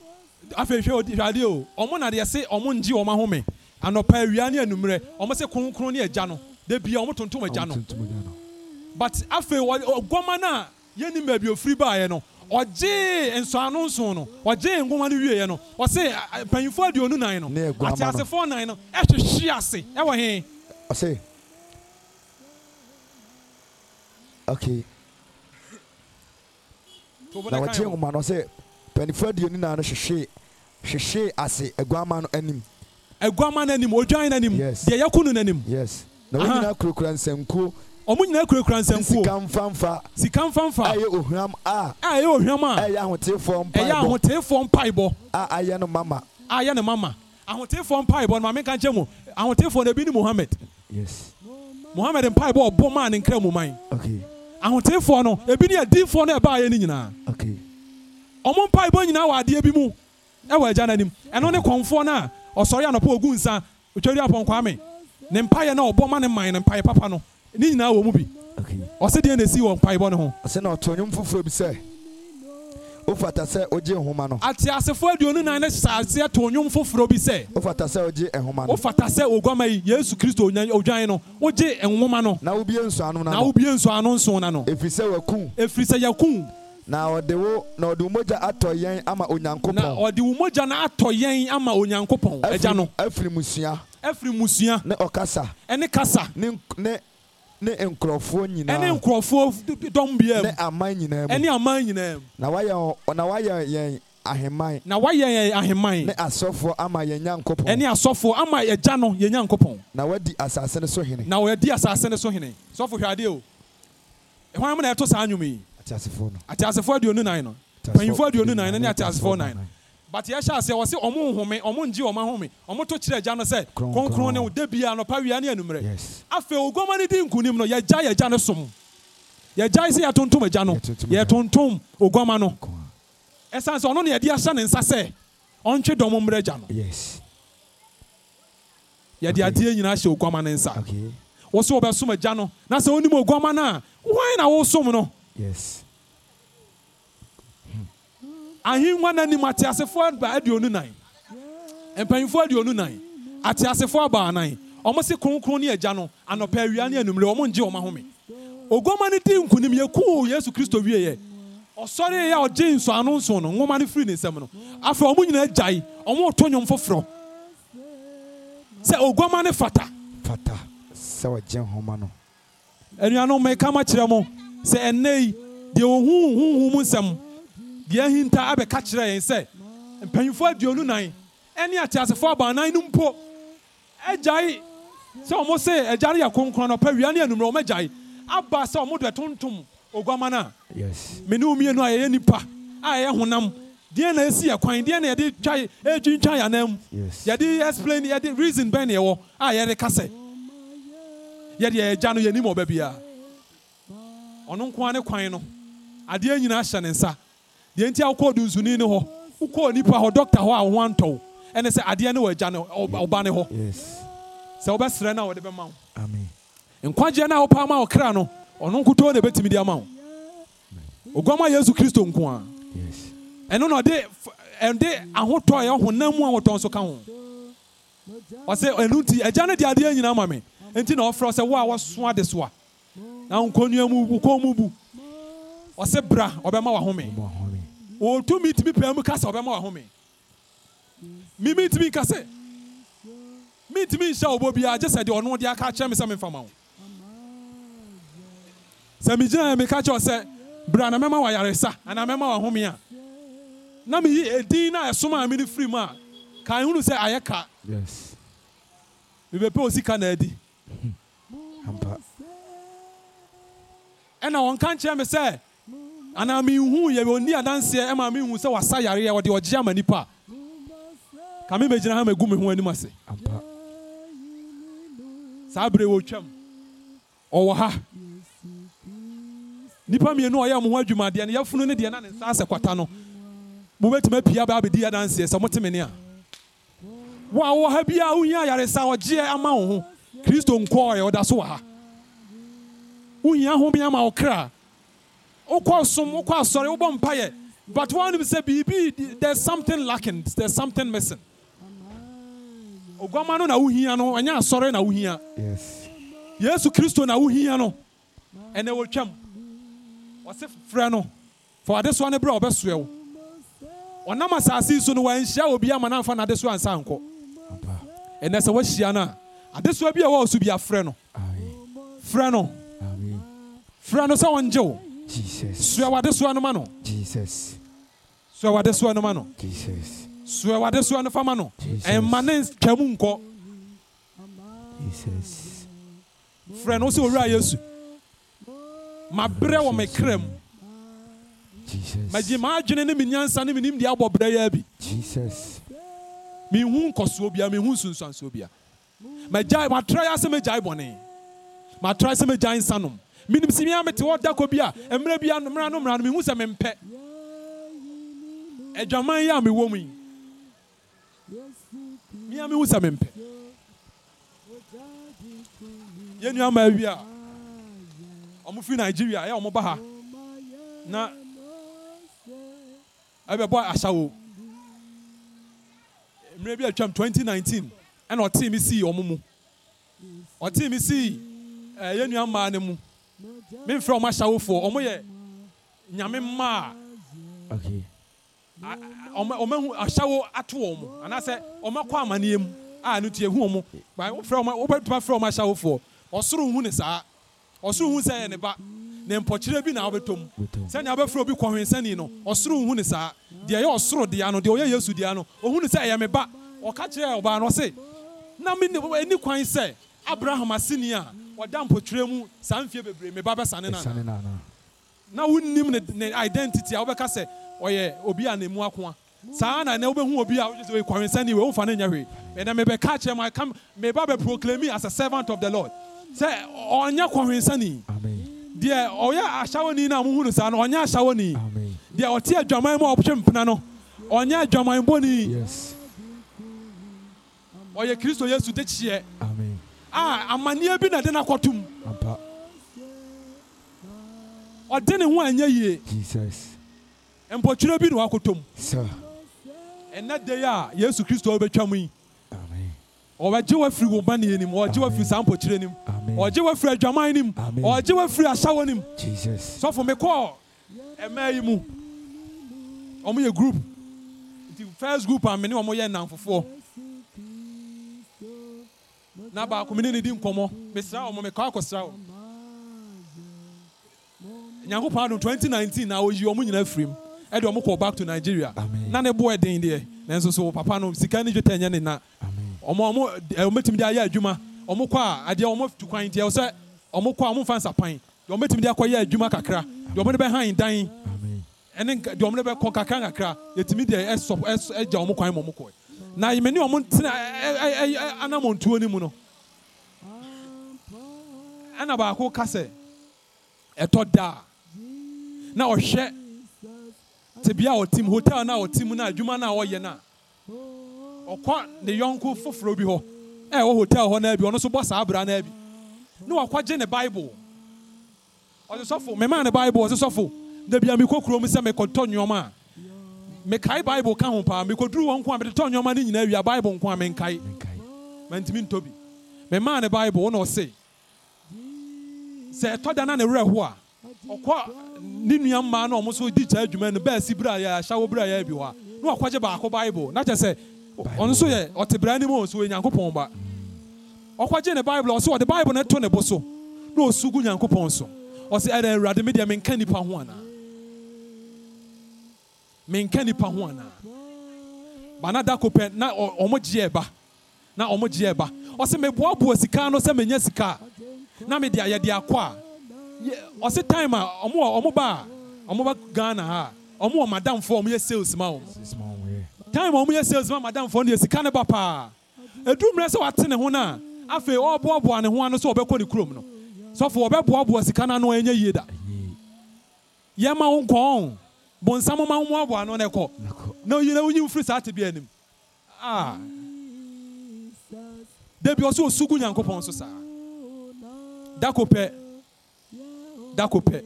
afei hwɛ odi hwade o ɔmo na deɛ se ɔmo ngye ɔmo ahome anɔpa awia ne anummerɛ ɔmo se kronkron ne agya no de bia ɔmo tontom agya no but afei ɔgɔma no a yɛni baabi ofiri baeɛ no ɔgye nsɔano nson no ɔgye ngoma no wieɛ no ɔse mpanyinfoɔ aduonu nan no ateasefoɔ nan no ɛhwehwe ase ɛwɔ he ɔse okay na wɔgye ngoma no sɛ mpanimfoɔ aduonu na ano hyehyee hyehyee ase aguama no anim. aguama no anim odwan no anim deɛ yɛkunu no anim. yes na wɔn nyinaa kurakura nsankuo. wɔn nyinaa kurakura nsankuo. sika mfamfa. sika mfamfa. a ɛyɛ ohwam a. a ɛyɛ ohwam a. ɛyɛ ahotefoɔ mpaebɔ. ɛyɛ ahotefoɔ mpaebɔ. a ayɛ no mama. a ayɛ no mama ahotefoɔ mpaebɔ no maame nka nkyɛn mu ahotefoɔ no ebi ni mohammed. yes. mohammed mpaebɔ ɔbɔ maa ne nkira mu man. okay. ahotefoɔ no ebi ni adiifoɔ no ɛbaa yɛ ne nyinaa. okay ɔmo mpa ibo nyinaa wɔ adeɛ bi mu ɛwɔ e agya n'anim ɛno ne kɔnfoɔ no a ɔsɔre anɔpɔ ogu nsa otwari apɔnkwame ne mpaeɛ na ɔbɔ ma ne man ne mpaeɛ papa no ne nyinaa wɔ mu bi ɔsɛ deɛ na esi wɔ mpaebɔ ne ho. ɔsɛ na ɔtɔ nnwom foforɔ bi sɛ wofata sɛ ogye nhoma no. ate asefoɔ aduonu nan ne hyɛ aseɛ to nnwom foforɔ bi sɛ. wofata sɛ ogye nhoma no. wofata sɛ oguama yi yesu kristo odwan no ogye nhoma no. na wobie nso ano na no. na wobie nso ano nso na no. efiri sɛ yakun. efiri yakun. na ɔde wo na ɔde womogya atɔ yɛn ama onyankopɔn na ɔde womogya na atɔ yɛn ama onyankopɔn agya no efiri musua efiri musua ne ɔkasa ɛne kasa ne ne ne nkurɔfoɔ nyinaa ɛne nkurɔfoɔ dɔm biara mu ne aman nyinaa mu ɛne aman nyinaa mu na wayɛ na wayɛ yɛn aheman na wayɛ yɛn aheman ne asɔfoɔ ama yɛn nyankopɔn ɛne asɔfoɔ ama yɛgya no yɛn nyankopɔn na wadi asase no so hene na wadi asase no so hene sɔfo hwɛ adeɛ o ɛhwan ateasefoɔ aduonu nan no panyinfoɔ aduonu nan no ne ateasefoɔ nan no but yɛhyɛ aseɛ wɔsi ɔmo nhome ɔmo ngye ɔmo ahome ɔmo to kyerɛ gya no sɛ kronkron ne de bia anɔpa wia ne anummerɛ afei oguama no di nkunim no yɛgya yɛgya no som yɛgya sɛ yɛtontom agya no yɛtontom oguama no ɛsiane sɛ ɔno ne yɛde ahyɛ ne nsa sɛ ɔntwe dɔm mmerɛ gya no yɛde adeɛ nyinaa hyɛ oguama no nsa wɔsi wɔbɛsom agya no na sɛ onim oguama no a wɔn na wɔsom no Yes. ahengua no anim ateasefoɔ ba aduonu nan mpanyinfoɔ aduonu nan ateasefoɔ aba anan wɔn se kronkron ne agya no anɔpɛ awia ne anumere wɔn ngye wɔn ahome oguoma no di nkunim yɛkuu yesu kristo wieɛ ɔsɔre yɛ a ɔgye nsɔano nson no nwoma no firi ne nsam no afei wɔn nyinaa gyae wɔn reto nnwom foforɔ sɛ oguoma no fata fata sɛ ɔgye nhoma no anuanom mɛka makyerɛ mo sɛ ɛnɛ yi deɛ ohun huhu mu nsɛm deɛ ahinta abɛka kyerɛ yɛn sɛ mpanyinfoɔ aduonu nan ɛne ateasefoɔ abaanan no mpo agyae sɛ wɔn sɛ agyae yɛ kronkron na ɔpɛ wia ne anumere wɔn agyae aba sɛ wɔn de tuntum oguama no menu mene wo mmienu a yɛyɛ nipa a ɛyɛ honam deɛ na ɛsi yɛ kwan deɛ na yɛde twa ɛtwintwa yɛ anan mu yɛde explain yɛde reason bɛn na ɛwɔ a yɛde ka sɛ yɛde yɛn agya no yɛnim ɔbɛ biara ɔno nko ara ne kwan no adeɛ nyinaa hyɛ ne nsa deɛ nti akokɔ do nsuni ne hɔ wokɔ nipa hɔ dɔkta hɔ a wɔn antɔw ɛne sɛ adeɛ ne wɔagya ne ɔba ne hɔ sɛ wɔbɛsrɛ no a wɔde bɛma wo nkwagyeɛ no a wopaa ma ɔkra no ɔno nkutoo na ɛbɛtumi de ama wo oguama yesu kristo nko a ɛno na ɔde ɛde ahotɔ ɛyɛ honam mu ahotɔ nso ka ho ɔsɛ ɛnu ti agya no de adeɛ nyinaa ma me nti na ɔfrɛ sɛ wo a wɔso ade so a na nkonnwa mu bu kɔn mu bu ɔsɛ bra ɔbɛma wahome wɔtumi tumi pɛn mu kasa ɔbɛma wahome mimi tumi kase. mi tumi nhyɛ ɔbɔ biara gye sɛ deɛ ɔno de aka akyerɛ mi sɛ mi nfa ma wo sɛ mi gyina mi ka kyerɛ sɛ bra na mɛma yaresa. ana mɛma wahome a na mi yi edin na ɛsom a mi ni firi mu a ka ehunu sɛ ayɛ ka mi bɛ pɛ osika na edi ɛna wɔnka nkyerɛ me sɛ anaa mehu yɛ ɔni adanseɛ ɛma mehu sɛ wasa yareɛ wɔde ɔgye ama nipa ka me bɛgyina ha magu me ho anim ase saa berɛ wɔtwam ɔwɔ ha nipa mienu a ɔyɛ mo ho adwumadeɛ no yɛfunu ne deɛ na ne nsa asɛ kwata no mobɛtumi apia baa bɛdi adanseɛ sɛ mote me ne a wo a wɔ ha biaa wohia ayaresa ɔgyeɛ ama wo ho kristo nkɔɔɛ ɔda so wɔ ha wohia ho bia ma wo kra wokɔ som wokɔ asɔre wobɔ mpayɛ but woanom sɛ biribi there's something lacking there's something missing oguama no na wohia no ɛnyɛ asɔre na wohia yesu kristo na wohia no ɛnɛ wɔtwam wɔse frɛ no fa adesoa no berɛ a ɔbɛsoɛ wo ɔnam asase yi so no wɔanhyia wɔ bi ama no amfa no adesoa ansa nkɔ ɛnɛ sɛ woahyia no a adesoa bi a wɔwɔ so bi afrɛ no frɛ no fira no sɛ ɔngye wo suawade no ma no suawade no ma no suawade no fa ma no ɛma ne twam nkɔ frɛ no wo sɛ owura yesu mabrɛ wɔ me kra mu magye maadwene ne menyansa ne menim deɛ abɔ brɛ yɛ bi mehu nkɔsoɔ bia mehu sunsuansoɔ bia magyae matra yɛ asɛ mɛgyae bɔne matra sɛ mɛgyae nsa nom Minim sɛ mia mete hɔ da kɔ bi a mmerɛ bi mmra no mmra no mehu sɛ mempɛ adwaman yi a mewɔ mu yi mia mehu sɛ mempɛ yɛnnua maa bi a ɔmofiri nigeria ɛyɛ ɔmoba ha na ɛbɛbɔ ahyawo mmerɛ bi atwam 2019 ɛna ɔtee me sii ɔmo mu ɔtee me sii ɛyɛ eh, nua mmaa no mu memfrɛ ɔmo ahyɛwofoɔ ɔmo yɛ nyame mma a ɔmahu ahyɛwo ato wɔ mo a no tu ɛhu ɔmo wobɛtuma frɛ ɔmo ahyɛwofoɔ ɔsoro hu ne saa ɔsoro hu sɛ yɛ ne ba ne mpɔkyerɛ bi na obi no ɔsoro hu ne saa deɛ ɔsoro no deɛ ɔyɛ yesu no ne sɛ ɛyɛ me ba ɔka kyerɛ ɔbaa no ɔse na kwan sɛ abraham a ɔda mpɔtwerɛ mu saa mfie bebree meba bɛsane nana na wonnim ne ne identity a wobɛka sɛ ɔyɛ obi a ne mu akoa saa na na wobɛhu obi a wogye sɛ kɔwensani wei womfa ne nyɛ hwee ɛnɛ mebɛka kyerɛ m meba bɛproclaim as a servant of the lord sɛ ɔnyɛ kɔwensani deɛ ɔyɛ ahyawani no a mohu no saa no ɔnyɛ ahyawani deɛ ɔte adwaman mu a ɔpwe mpena no ɔnyɛ adwaman bɔni ɔyɛ kristo yesu de kyeɛ a ah, amanneɛ bi na de no akɔtom ɔde ne ho anyɛ yie mpɔtwerɛ bi na wakɔtom ɛnɛ de a yesu kristo ɔbɛtwa mu yi ɔbɛgye wafiri wo bane anim ɔgye wafiri saa mpɔkyerɛ anim ɔgye wafiri adwaman anim ɔgye wafiri asawo anim sɔfo mekɔɔ ɛmaa yi mu ɔmo yɛ group nti first group a mene ɔmo yɛ nnamfofoɔ na baako mene ne di nkɔmmɔ mesra wɔ mekɔ akɔsra wɔ nyankopɔn adom 2019 na oyi ɔmo nyinaa firim ɛde ɔmo kɔ back to nigeria na ne boɔ ɛden deɛ so papa no sika ne dwetɛ nyɛ na ɔmo de ayɛ adwuma kɔ a adeɛ tu kwan deɛ sɛ ɔmo kɔ a ɔmo fa nsapan deɛ ɔmɛtumi de adwuma kakra deɛ de dan ɛne deɛ kakra kakra ɛsɔ ɛgya na mani ɔmo ntena eh, eh, eh, anamɔntuo no mu no ɛna baako kasa sɛ ɛtɔ daa na ɔhwɛ tebea a ɔtim hotel na ɔtim na adwuma na ɔyɛ na ɔkɔ ne yɔnko foforɔ bi hɔ ɛ ɛwɔ hotel hɔ naa bi ɔno nso bɔ saa abira naa bi ne wakɔgye ne bible ɔsesɔfo mɛmaa ne bible ɔsesɔfo dabi a mekɔ kurom sɛ mekɔtɔ nneɛma a mekae bible ka ho paa mekɔduru wɔ nko a mede tɔ nneɔma no nyinaa awia bible nko a menkae mantimi ntɔ bi memaa ne bible wo na ɔse sɛ ɛtɔ da na ne werɛ ho a ɔkɔ ne nua mmaa no ɔmo so di kyɛ adwuma no bɛɛ si berɛ a yɛahyɛ wo berɛ a yɛabi hɔ a na ɔkɔgye baako bible na kyɛ sɛ ɔno nso yɛ ɔte bra anim ɔ so ɔyɛ ba ɔkɔgye ne bible ɔsɛ ɔde bible no to ne bo so na ɔsu gu nyankopɔn so ɔsɛ ɛdɛ awurade medeɛ menka nnipa ho anaa menka nipa ho anaa bana da ko pɛ na ɔmo gye ɛba na ɔmo gye ɛba ɔsɛ meboaboa sika no sɛ menya sika na mede ayɛ de akɔ a ɔsɛ time a ɔmo wɔ ɔmo ba a ɔmo ba ghana ha ɔmo wɔ madamfoɔ ɔmo yɛ sales ma wɔn time a ɔmo yɛ sales ma madamfoɔ no yɛ sika ne ba paa edu mmerɛ sɛ wate ne ho na afei ɔreboaboa ne ho ano sɛ ɔbɛkɔ ne kurom no sɔfo ɔbɛboaboa sika no ano ɛnyɛ yie da yɛma wo nkɔn bonsam ma mmoaboa ano ne kɔ na oyi na wonyi mfiri saa te bi anim ah dabi ɔsɛ osugu nyankopɔn so saa dako pɛ dako pɛ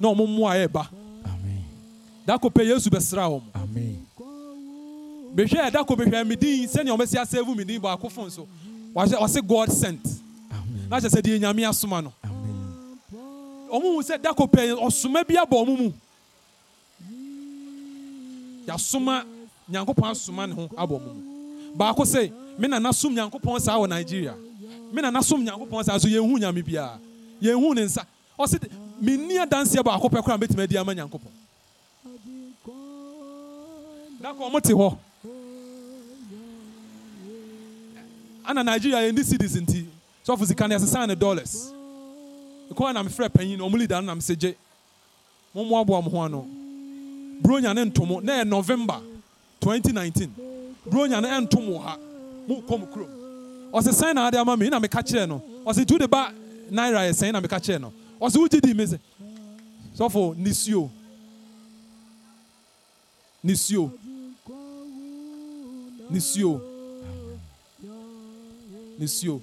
na ɔmo mmoa yɛ ba dako pɛ yesu bɛsra wɔn bɛhwɛ dako bɛhwɛ mi din sɛnea ɔmo si asɛɛvu mi din baako fon so wɔsɛ god sent na kyerɛ sɛ deɛ nyame asoma no. Amen. ɔmo hu dako pɛɛ ɔsoma bi abɔ ɔmo mu yasoma nyankopɔn asoma ne ho abɔ ɔmo mu baako sɛ me na nasom nyankopɔn saa wɔ nigeria me na nasom nyankopɔn saa so yɛnhu nyame biara yɛnhu ne nsa ɔsi menni adanseɛ baako pɛ koraa mbɛtumi adi ama nyankopɔn dako ɔmo te hɔ ana nigeria yɛn di cds nti sɔfo sika no yɛsesan ne dollars. kɔɔ na mefrɛ panyin no ɔmo leader no na mesɛ gye mommoaboa mo ho ano buronya ne ntomo na ɛyɛ november 2019 buronya ne ɛntomo ha mokɔ mo kurom ɔsɛ sɛn na ade ama me na meka kyerɛ no ɔsɛ tu de ba naira yɛ sɛn na meka kyerɛ no ɔsɛ wogye di me sɛ sɔfo nisuo nisuo nisuo nisuo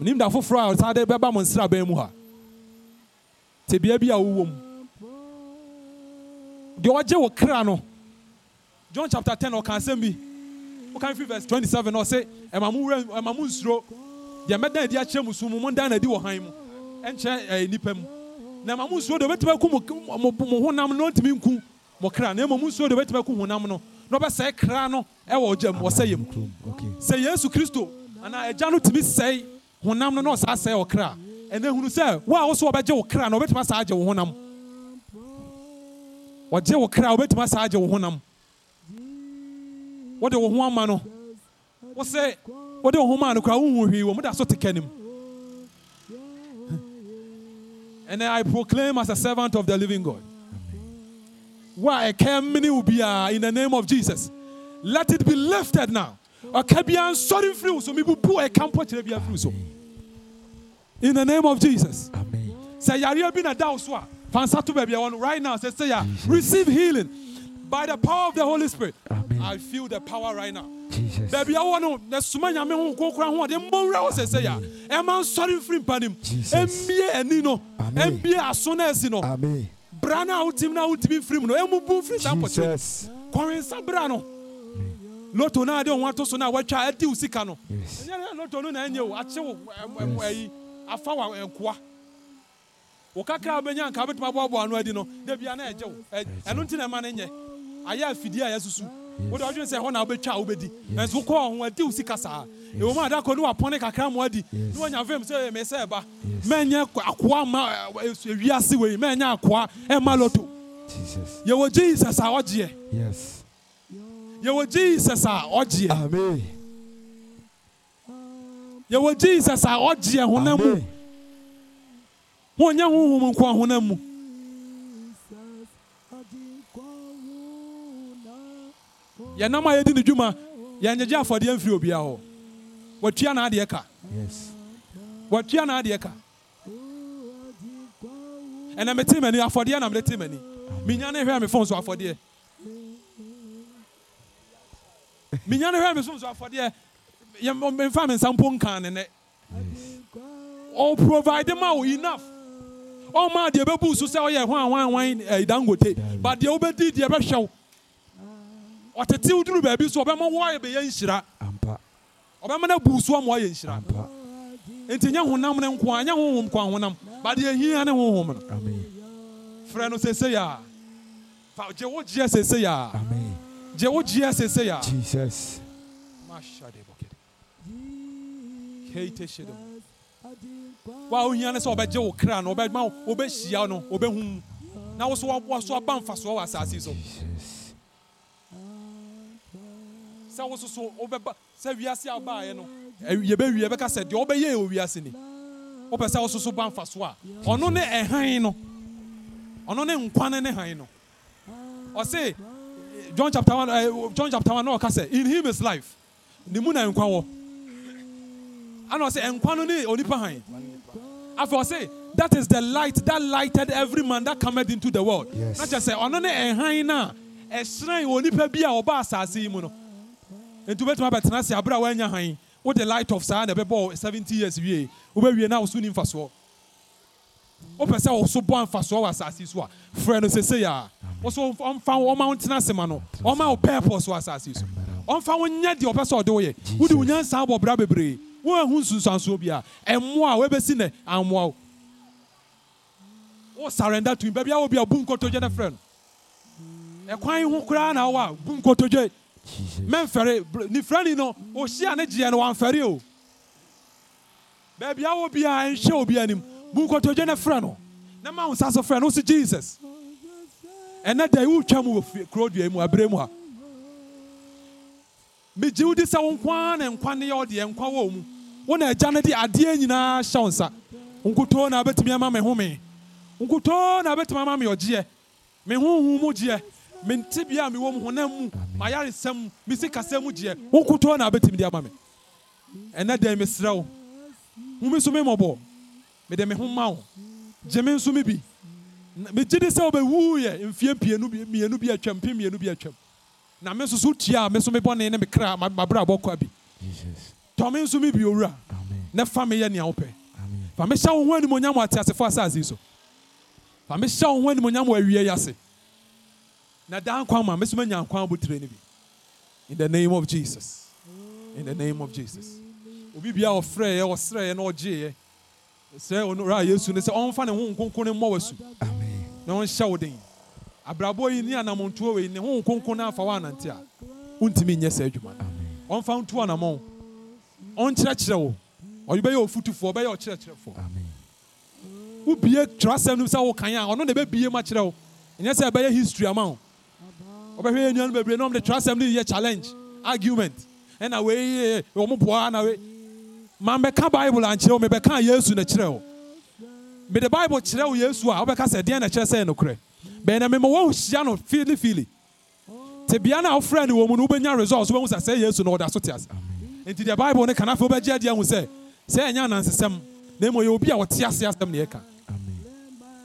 nim da foforɔ a ɔsan de bɛba mo nsraban mu ha te bea bi a wowɔ mu deɛ ɔgye wo kra no john chapter ten ɔka asɛm bi wokan fi verse twenty seven ɔse ɛma mo wura ɛma mo nsuro deɛ mɛdan adi akyerɛ mo so mo mo dan na adi wɔ han mu ɛnkyɛn ɛyɛ nipa mu na ɛma mo nsuro deɛ obetuma ku mo mo mo honam no ntumi nku mo kra na ɛma mo nsuro deɛ obetuma ku honam no na ɔbɛsɛe kra no ɛwɔ ɔgya mu ɔsɛ yam sɛ yesu kristo anaa ɛgya no tumi sɛe honam no na ɔsaa sɛe wo kra ɛnɛ sɛ wo a wo so na wobɛtumi asaa agye wo honam wɔgye wo kra agye wo honam wode ama no wo sɛ wode wo no kora wohu hwee wɔ mu da so teka nim And I proclaim as a servant of the living God. Why I came in the name of Jesus. Let it be lifted now a so in the name of jesus sɛ yareɛ bi na right now Say receive healing by the power of the holy spirit i feel the power right now Baby I want to. na soma nyame ho kokora ho ɔde The wo sɛ sɛ yɛ ɛma nsɔre mfiri mpa nim ɛmmie no ɛmmie aso no asi no bra no a wotim no a wotimi mfiri mu no ɛmubu loto naa de wọn ato so naa wɔatwa adi o sika no ɛnyɛ loto no na ɛnyɛ o akyɛ wo ɛyi afa wa nkoa wò kakra abɛnya nka abɛtuma aboaboa ano adi no debi ana ɛgye e, wo ɛno ntina ɛma ne nyɛ ayɛ afidie a yɛsusu wode ɔdwene sɛ ɛhɔ na wobɛtwa wobɛdi nanso wokɔ ɔho adi wo sika saa ɛwɔ mu adakɔ ne wapɔne kakra mo adi ne wanya fam sɛ eh, me sɛ ɛba mɛnyɛ akoa ma eh, eh, ewiase wei mɛnyɛ akoa ɛma loto yɛwɔ jesus a ɔgyeɛ yɛwɔ jesus a ɔgyeɛ yɛwɔ jesus a ɔgyeɛ honam mu wɔnyɛ honhom nko a honam mu yɛnam a yɛdi ne dwuma yɛnyegye afɔdeɛ mfiri obiara hɔ wɔtua n'adeɛ ka wɔtua n'adeɛ ka ɛnna mete m'ani afɔdeɛ na mete m'ani menya ne hwɛ a me so afɔdeɛ menya no hwɛ me somso afɔdeɛ mfa me nsa mpo nka ne nɛ ɔprovide ma wo enough ɔma deɛ bɛbu so sɛ ɔyɛ ho awanwan eh, dangote but deɛ wobɛdi deɛ bɛhwɛ wo ɔtete wo duru baabi so ɔbɛma wo ayɛ bɛyɛ nhyira ɔbɛma no abu so ama ɔyɛ nhyira nti nyɛ honam ne nko a nyɛ honhom kɔ ahonam but deɛ hia ne honhom no frɛ no seesei fa gye wo gyeɛ seesei deɛ wogyeɛ sese a jesus wa ne sɛ ɔbɛgye wo kra no ɔbɛma wobɛhyia no ɔbɛhu na wo so so aba mfasoɔ wɔ asase so sɛ wo so wobɛba sɛ wiase a no yɛbɛwie bɛka sɛ deɛ wobɛyɛ yɛ owiase ni wopɛ sɛ wo so ba mfasoɔ a ɔno ne ɛhan no ɔno ne nkwane ne han no ɔse John chapter 1, uh, John chapter 1, no, I say, in him is life. The moon and kwawo. And I say, and kwanoni onipahan. After I say, that is the light that lighted every man that came into the world. Yes. Not just say, onone ehaina, a shrine onipa bi a oba asase mu no. Nti wobɛtumi abɛtena ase abere a woanya han wode light of saa na ɛbɛbɔ 70 years We are now soon in first world. wopɛ sɛ wo so bɔ mfasoɔ wɔ asase so a frɛ no sesei a wo so ɔmfa wo ɔma wo ntena sema no ɔma wo pɛɛpɔ so asase so ɔmfa wo nyɛ deɛ ɔpɛ sɛ ɔde wo yɛ wode wo nyansa abɔ bra bebree woahu nsunsuansoɔ bi a ɛmmoa a nɛ ammoa wo wo sarenda to baabi a wo bi a bu nkotodwe ne frɛ no ɛkwan ho koraa na wowɔ a bu nkotodwe mɛmfɛre nifrani no ɔhyia ne gyeɛ no wamfɛre o baabi a wo bi a ɛnhyɛ obi anim bunkotodwe no frɛ no na ma wo nsa so frɛ no wosi jesus ɛnɛ dɛ woretwa mu wɔ kurodua mu aberɛ mu a megye wodi sɛ wo nko a na nkwa ne yɛ ɔdeɛ nkwa wɔ mu wo na agya no de adeɛ nyinaa hyɛ wo nsa nkotoo na abɛtumi ama me home nkotoo na abɛtumi ama me ɔgyeɛ me honhom mu gyeɛ me ntebea a mewɔ mu honam mu mayaresɛm mu me sikasɛm mu gyeɛ wo nkotoo na abɛtumi de ama me ɛnɛ dɛn mesrɛ wo wo me so me mede me ho ma wo gye me nso me bi megye di sɛ wobɛwuuyɛ mfie mmienu bi atwam mpe mmienu bi atwam na me nso so tua a me so mebɔne ne me kra mabrabɔ kɔ bi tɔ me nso me bi owura na fa meyɛ nea wopɛ fa mehyɛ wo ho animonyam wɔ ateasefo asase so fa mehyɛ wo ho animonyam wɔ awie yi na daa nkwa ma me so manya nkwa abotire no bi in the name of jesus in the name of jesus obi bia ɔfrɛɛ ɔsrɛɛ na ɔgyeeɛ sɛ ɔnora yesu ne sɛ ɔmfa ne honhom kronkron no mmɔ w'asu na ɔnhyɛ wo den abrabɔ yi ne anamontuo wei ne honhom kronkron no afa w'anante a wontumi nyɛ saa adwuma ɔmfa nto anammɔn ɔnkyerɛkyerɛ wo ɔde bɛyɛ ɔfotufoɔ ɔbɛyɛ ɔkyerɛkyerɛfoɔ wobie twerɛsɛm no sɛ wokan a ɔno na ɛbɛbie ma kyerɛ wo ɛnyɛ sɛ ɛbɛyɛ history ama wo ɔbɛhwɛ yɛ no bebree na ɔmde twerɛsɛm no yɛ challenge argument ɛna wei wɔmo boa na wei ma mɛka bible ankyerɛ wo mebɛka yesu na kyerɛ wo mede bible kyerɛ wo yesu a wobɛka sɛ deɛn na kyerɛ sɛ nokorɛ bɛyɛ na mema wɔho hyia no filifili te bia no a wofrɛ ne wɔ mu no wobɛnya result wobɛhu sɛ sɛ yesu na ɔda so te ase enti deɛ bible no kanafei wobɛgye adi ahu sɛ sɛ ɛnyɛ anansesɛm na mmom yɛ obi a wɔte ase asɛm ne yɛka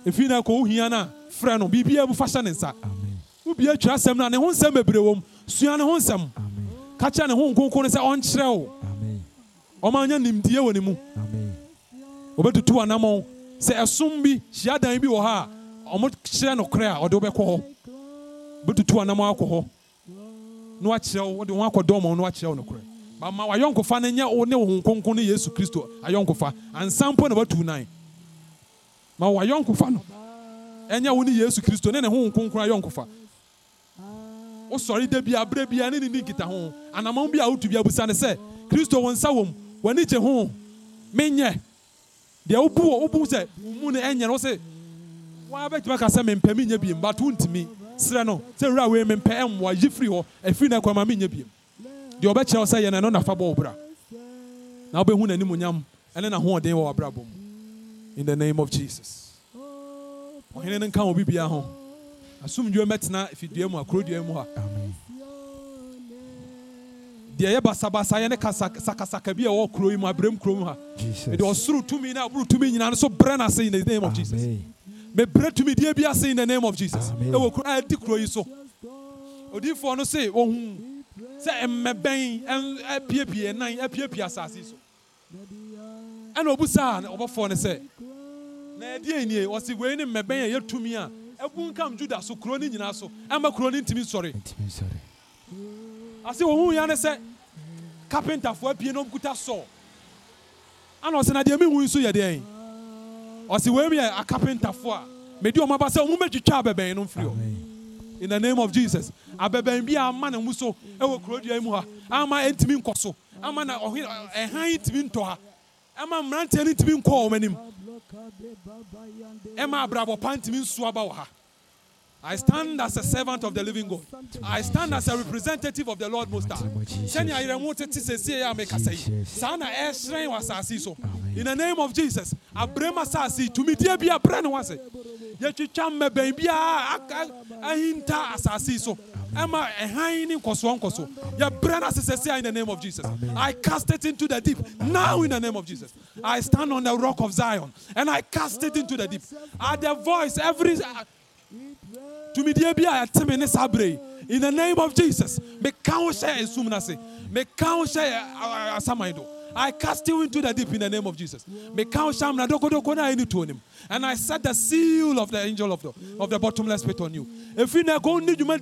ɛfiri no ɛkɔ wohia na a frɛ no biribia mu fa hyɛ ne nsa wobia twerɛ asɛm no ne ho nsɛm bebree wɔ sua ne ho nsɛm ka ne ho nkonko sɛ ɔnkyerɛ wo ɔmaanya nimdeɛ wɔ ne mu wɔbɛtutu anammɔn sɛ ɛsom bi hyiadan bi wɔ ha a ɔmo kyerɛ nokorɛ a ɔde wobɛkɔ hɔ bɛtutu anammɔn akɔ hɔ na wakyerɛ wo wode wɔn akɔdɔ no na wakyerɛ wo nokorɛ bama wayɔnkofa no nyɛ ne wo honkonko ne yesu kristo ayɔnkofa ansa mpo na watu nan ma wayɔnkofa no ɛnyɛ wo ne yesu kristo ne ne ho honkonko ayɔnkofa wosɔre da bia berɛ bia ne ne ne nkita ho anammɔn bi a wotu bi abusa ne sɛ kristo wo nsa wɔ mu w'ani gye ho menyɛ deɛ wobu wɔ wobu sɛ mu no ɛnyɛ no sɛ wɔabɛgyima ka sɛ mempɛ menyɛ biem bato ntumi serɛ no sɛ wura wei mempɛ ɛmmoa yi firi hɔ ɛfiri no ɛkɔma menyɛ biem deɛ ɔbɛkyerɛ wo sɛ yɛ no ɛno nafa bɔ wo bra na wobɛhu n'animonyam ɛne n'ahoɔden wɔ w'abrabɔ mu in the name of jesus ɔhene no nka wɔ bibiaa ho asomdwe mɛtena fidua mu akurodua mu ha Amen. deɛ ɛyɛ basabasayɛ ne sakasaka bi a ɛwɔ kuro yi mu abiram kuro mu ha mede ɔsoro tumi ne aboro tumi nyinaa no so brɛ no ase in the name of jesus mebrɛ tumi deɛ bi ase in the name of jesus ɛwɔ kuro a ɛdi kuro yi so odiyifoɔ no se ɔhu sɛ mmɛbɛn apiepie nan apiepie asase so ɛna ɔbusaa ɔbɔfoɔ no sɛ na ɛdeɛ nie ɔsi wei ne mmɛbɛn a ɛyɛ tumi a ɛbunkam juda so kuro no nyinaa so ɛma kuro no ntumi nsɔre ase ohun ya ne sɛ kapentafoɔ apue na ɔkuta so. ana ɔsɛ na deɛ mi hu nso yɛ deɛ ɔsɛ wɔn mu yɛ akapentafoɔ a mɛdi wɔn aba sɛ wɔn bɛtwitwa abɛbɛn no mfiri in the name of jesus abɛbɛn bi a ama ne ho so ɛwɔ kuro dua mu ha ama ntumi nkɔ so ama na ɔhe ɛhan ntumi ntɔ ha ama mmeranteɛ no ntumi nkɔ wɔn anim ɛma abrabɔ pa ntumi nso aba wɔ ha. I stand as a servant of the living God. I stand as a representative of the Lord Most High. Sɛnea ayerɛmo tete sesie a meka sɛ yi, saa na ɛrehyerɛn wɔ asase so. In the name of Jesus, abrɛm asase tumidie bi abrɛ ne ho a Yɛtwitwa mmɛbɛn biara ahinta asase so. Emma Ehaini Koswankoso. Your brother says in the name of Jesus. I cast it into the deep. Now in the name of Jesus. I stand on the rock of Zion and I cast it into the deep. At the voice, every dwumadie bi a yɛte me ne saa bere in the name of jesus meka wo hyɛ esum na se meka wo hyɛ uh, asaman do I cast you into the deep in the name of Jesus. And I set the seal of the angel of the, of the bottomless pit on you. If you go need you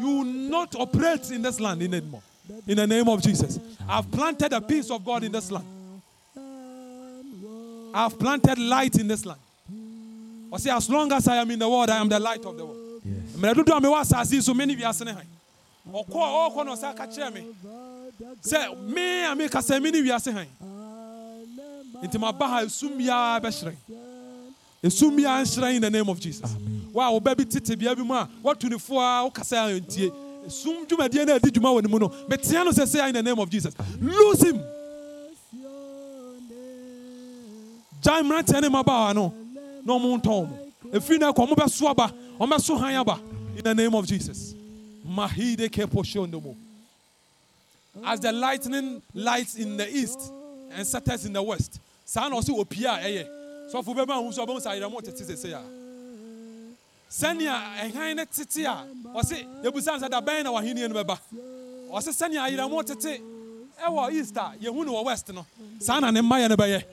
you will not operate in this land anymore. In the name of Jesus. I've planted the peace of God in this land. I've planted light in this land. Or say, as long as I am in the world, I am the light of the world. Yes. Mmeredu do amewa asase so many wiase ne han. Ɔkɔ a ɔkɔ na ɔsɛ aka kyerɛ me. Sɛ me a me kasa me ne wiase han. Nti ma ba ha esum biara bɛhyerɛn. Esum in the name of Jesus. Wa a ɔbɛ bi tete bea bi mu a watu ne fo a ɔkasa a ntie. Esum dwumadie na edi dwuma wɔ ne mu no. Metia no sɛ in the name of Jesus. Lose him. Gyan mmeranteɛ ne mmabaawa no na ɔmo ntɔn mo efi na ɛkɔ ɔmo bɛ so aba ɔmo bɛ so han aba in the name of jesus mahide as the lightning lights in the east and settles in the west saa na ɔsi opia ɛyɛ sɔfo bɛɛ bɛ ahun so ɔbɛn sa ayɛlɛmɔ tete sese ya sɛnea ɛhan ne tete a ɔsi ebusa nsa da bɛn na wahini yɛn bɛba ɔsi sɛnea ayɛlɛmɔ tete ɛwɔ east a yɛhu no wɔ west no saa na ne mma yɛn bɛyɛ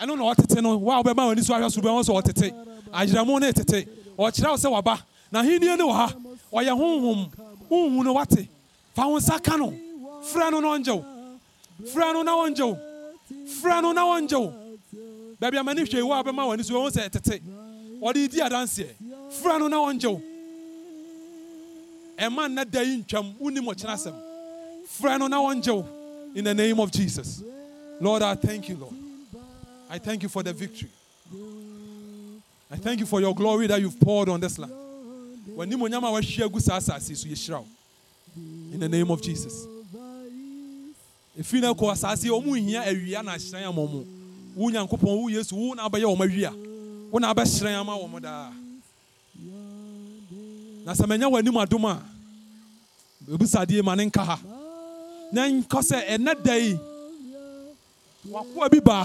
ɛno na ɔtete no wa wobɛma w'ani so ahwɛ so bɛma sɛ ɔtete agyerɛmo ne tete ɔkyerɛ wo sɛ waba na hennie ne wɔ ha ɔyɛ honhom honhu no wate fa wo nsa ka no frɛ no na ɔngye wo frɛ no na ɔngye wo frɛ no na ɔngye wo baabi ama ne hwɛ wo a bɛma w'ani so wɔhu sɛ ɛtete ɔde di adanseɛ frɛ no na ɔngye wo ɛma nna da yi ntwam wonim ɔkyena asɛm frɛ no na ɔngye wo in the name of jesus lord i thank you lord I thank you for the victory. I thank you for your glory that you've poured on this land. In the name of Jesus. If you know, because I see Omu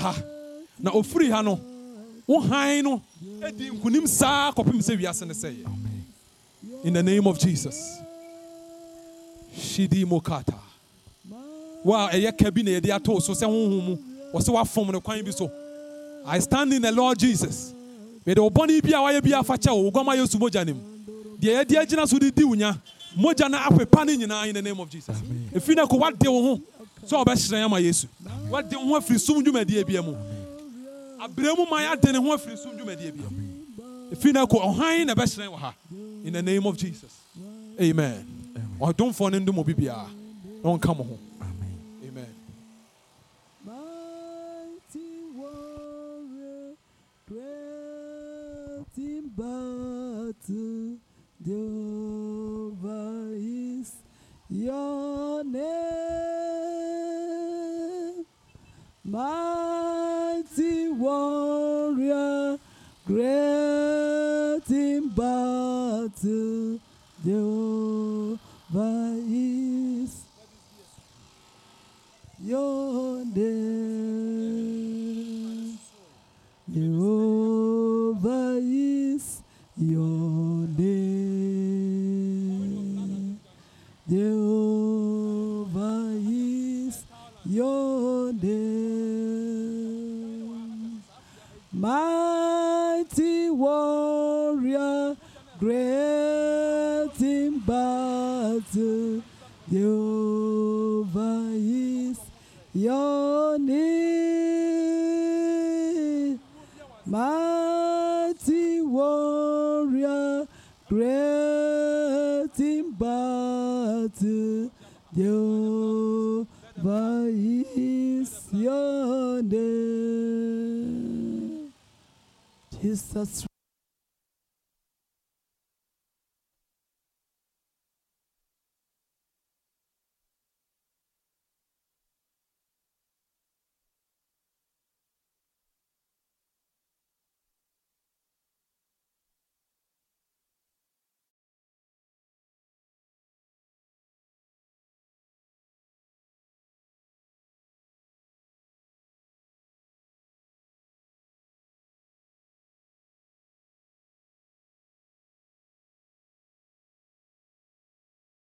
a na ɔfiri ha no wo hann no adi nkonim saa kɔpem sɛ wiase ne sɛeɛ in the name of jesus shidi mokata wa ɛyɛ ka bi na yɛde atoo so sɛ honhom mu wɔsɛ woafom no kwan bi so i stand in the lord jesus mede wo bɔne bi a woayɛ bi afa kyɛ wo woguama yesu mogya ne mu deɛ yɛde agyina so de di wo nya mogya no apepa ne nyinaa in the name of jesus ɛfiri no kɔ woade wo ho sɛ wɔbɛhyerɛn ama yesu woade wo ho afiri som dwumadie bia mu abrɛmu man ade ne ho afiri som dwumadie bi ɛfiri no akɔ ɔhan na ɛbɛhyerɛn wɔ ha in the name of jesus amen ɔdomfoɔ no ndom obi na ɔnka mo ho battle, Jehovah is your the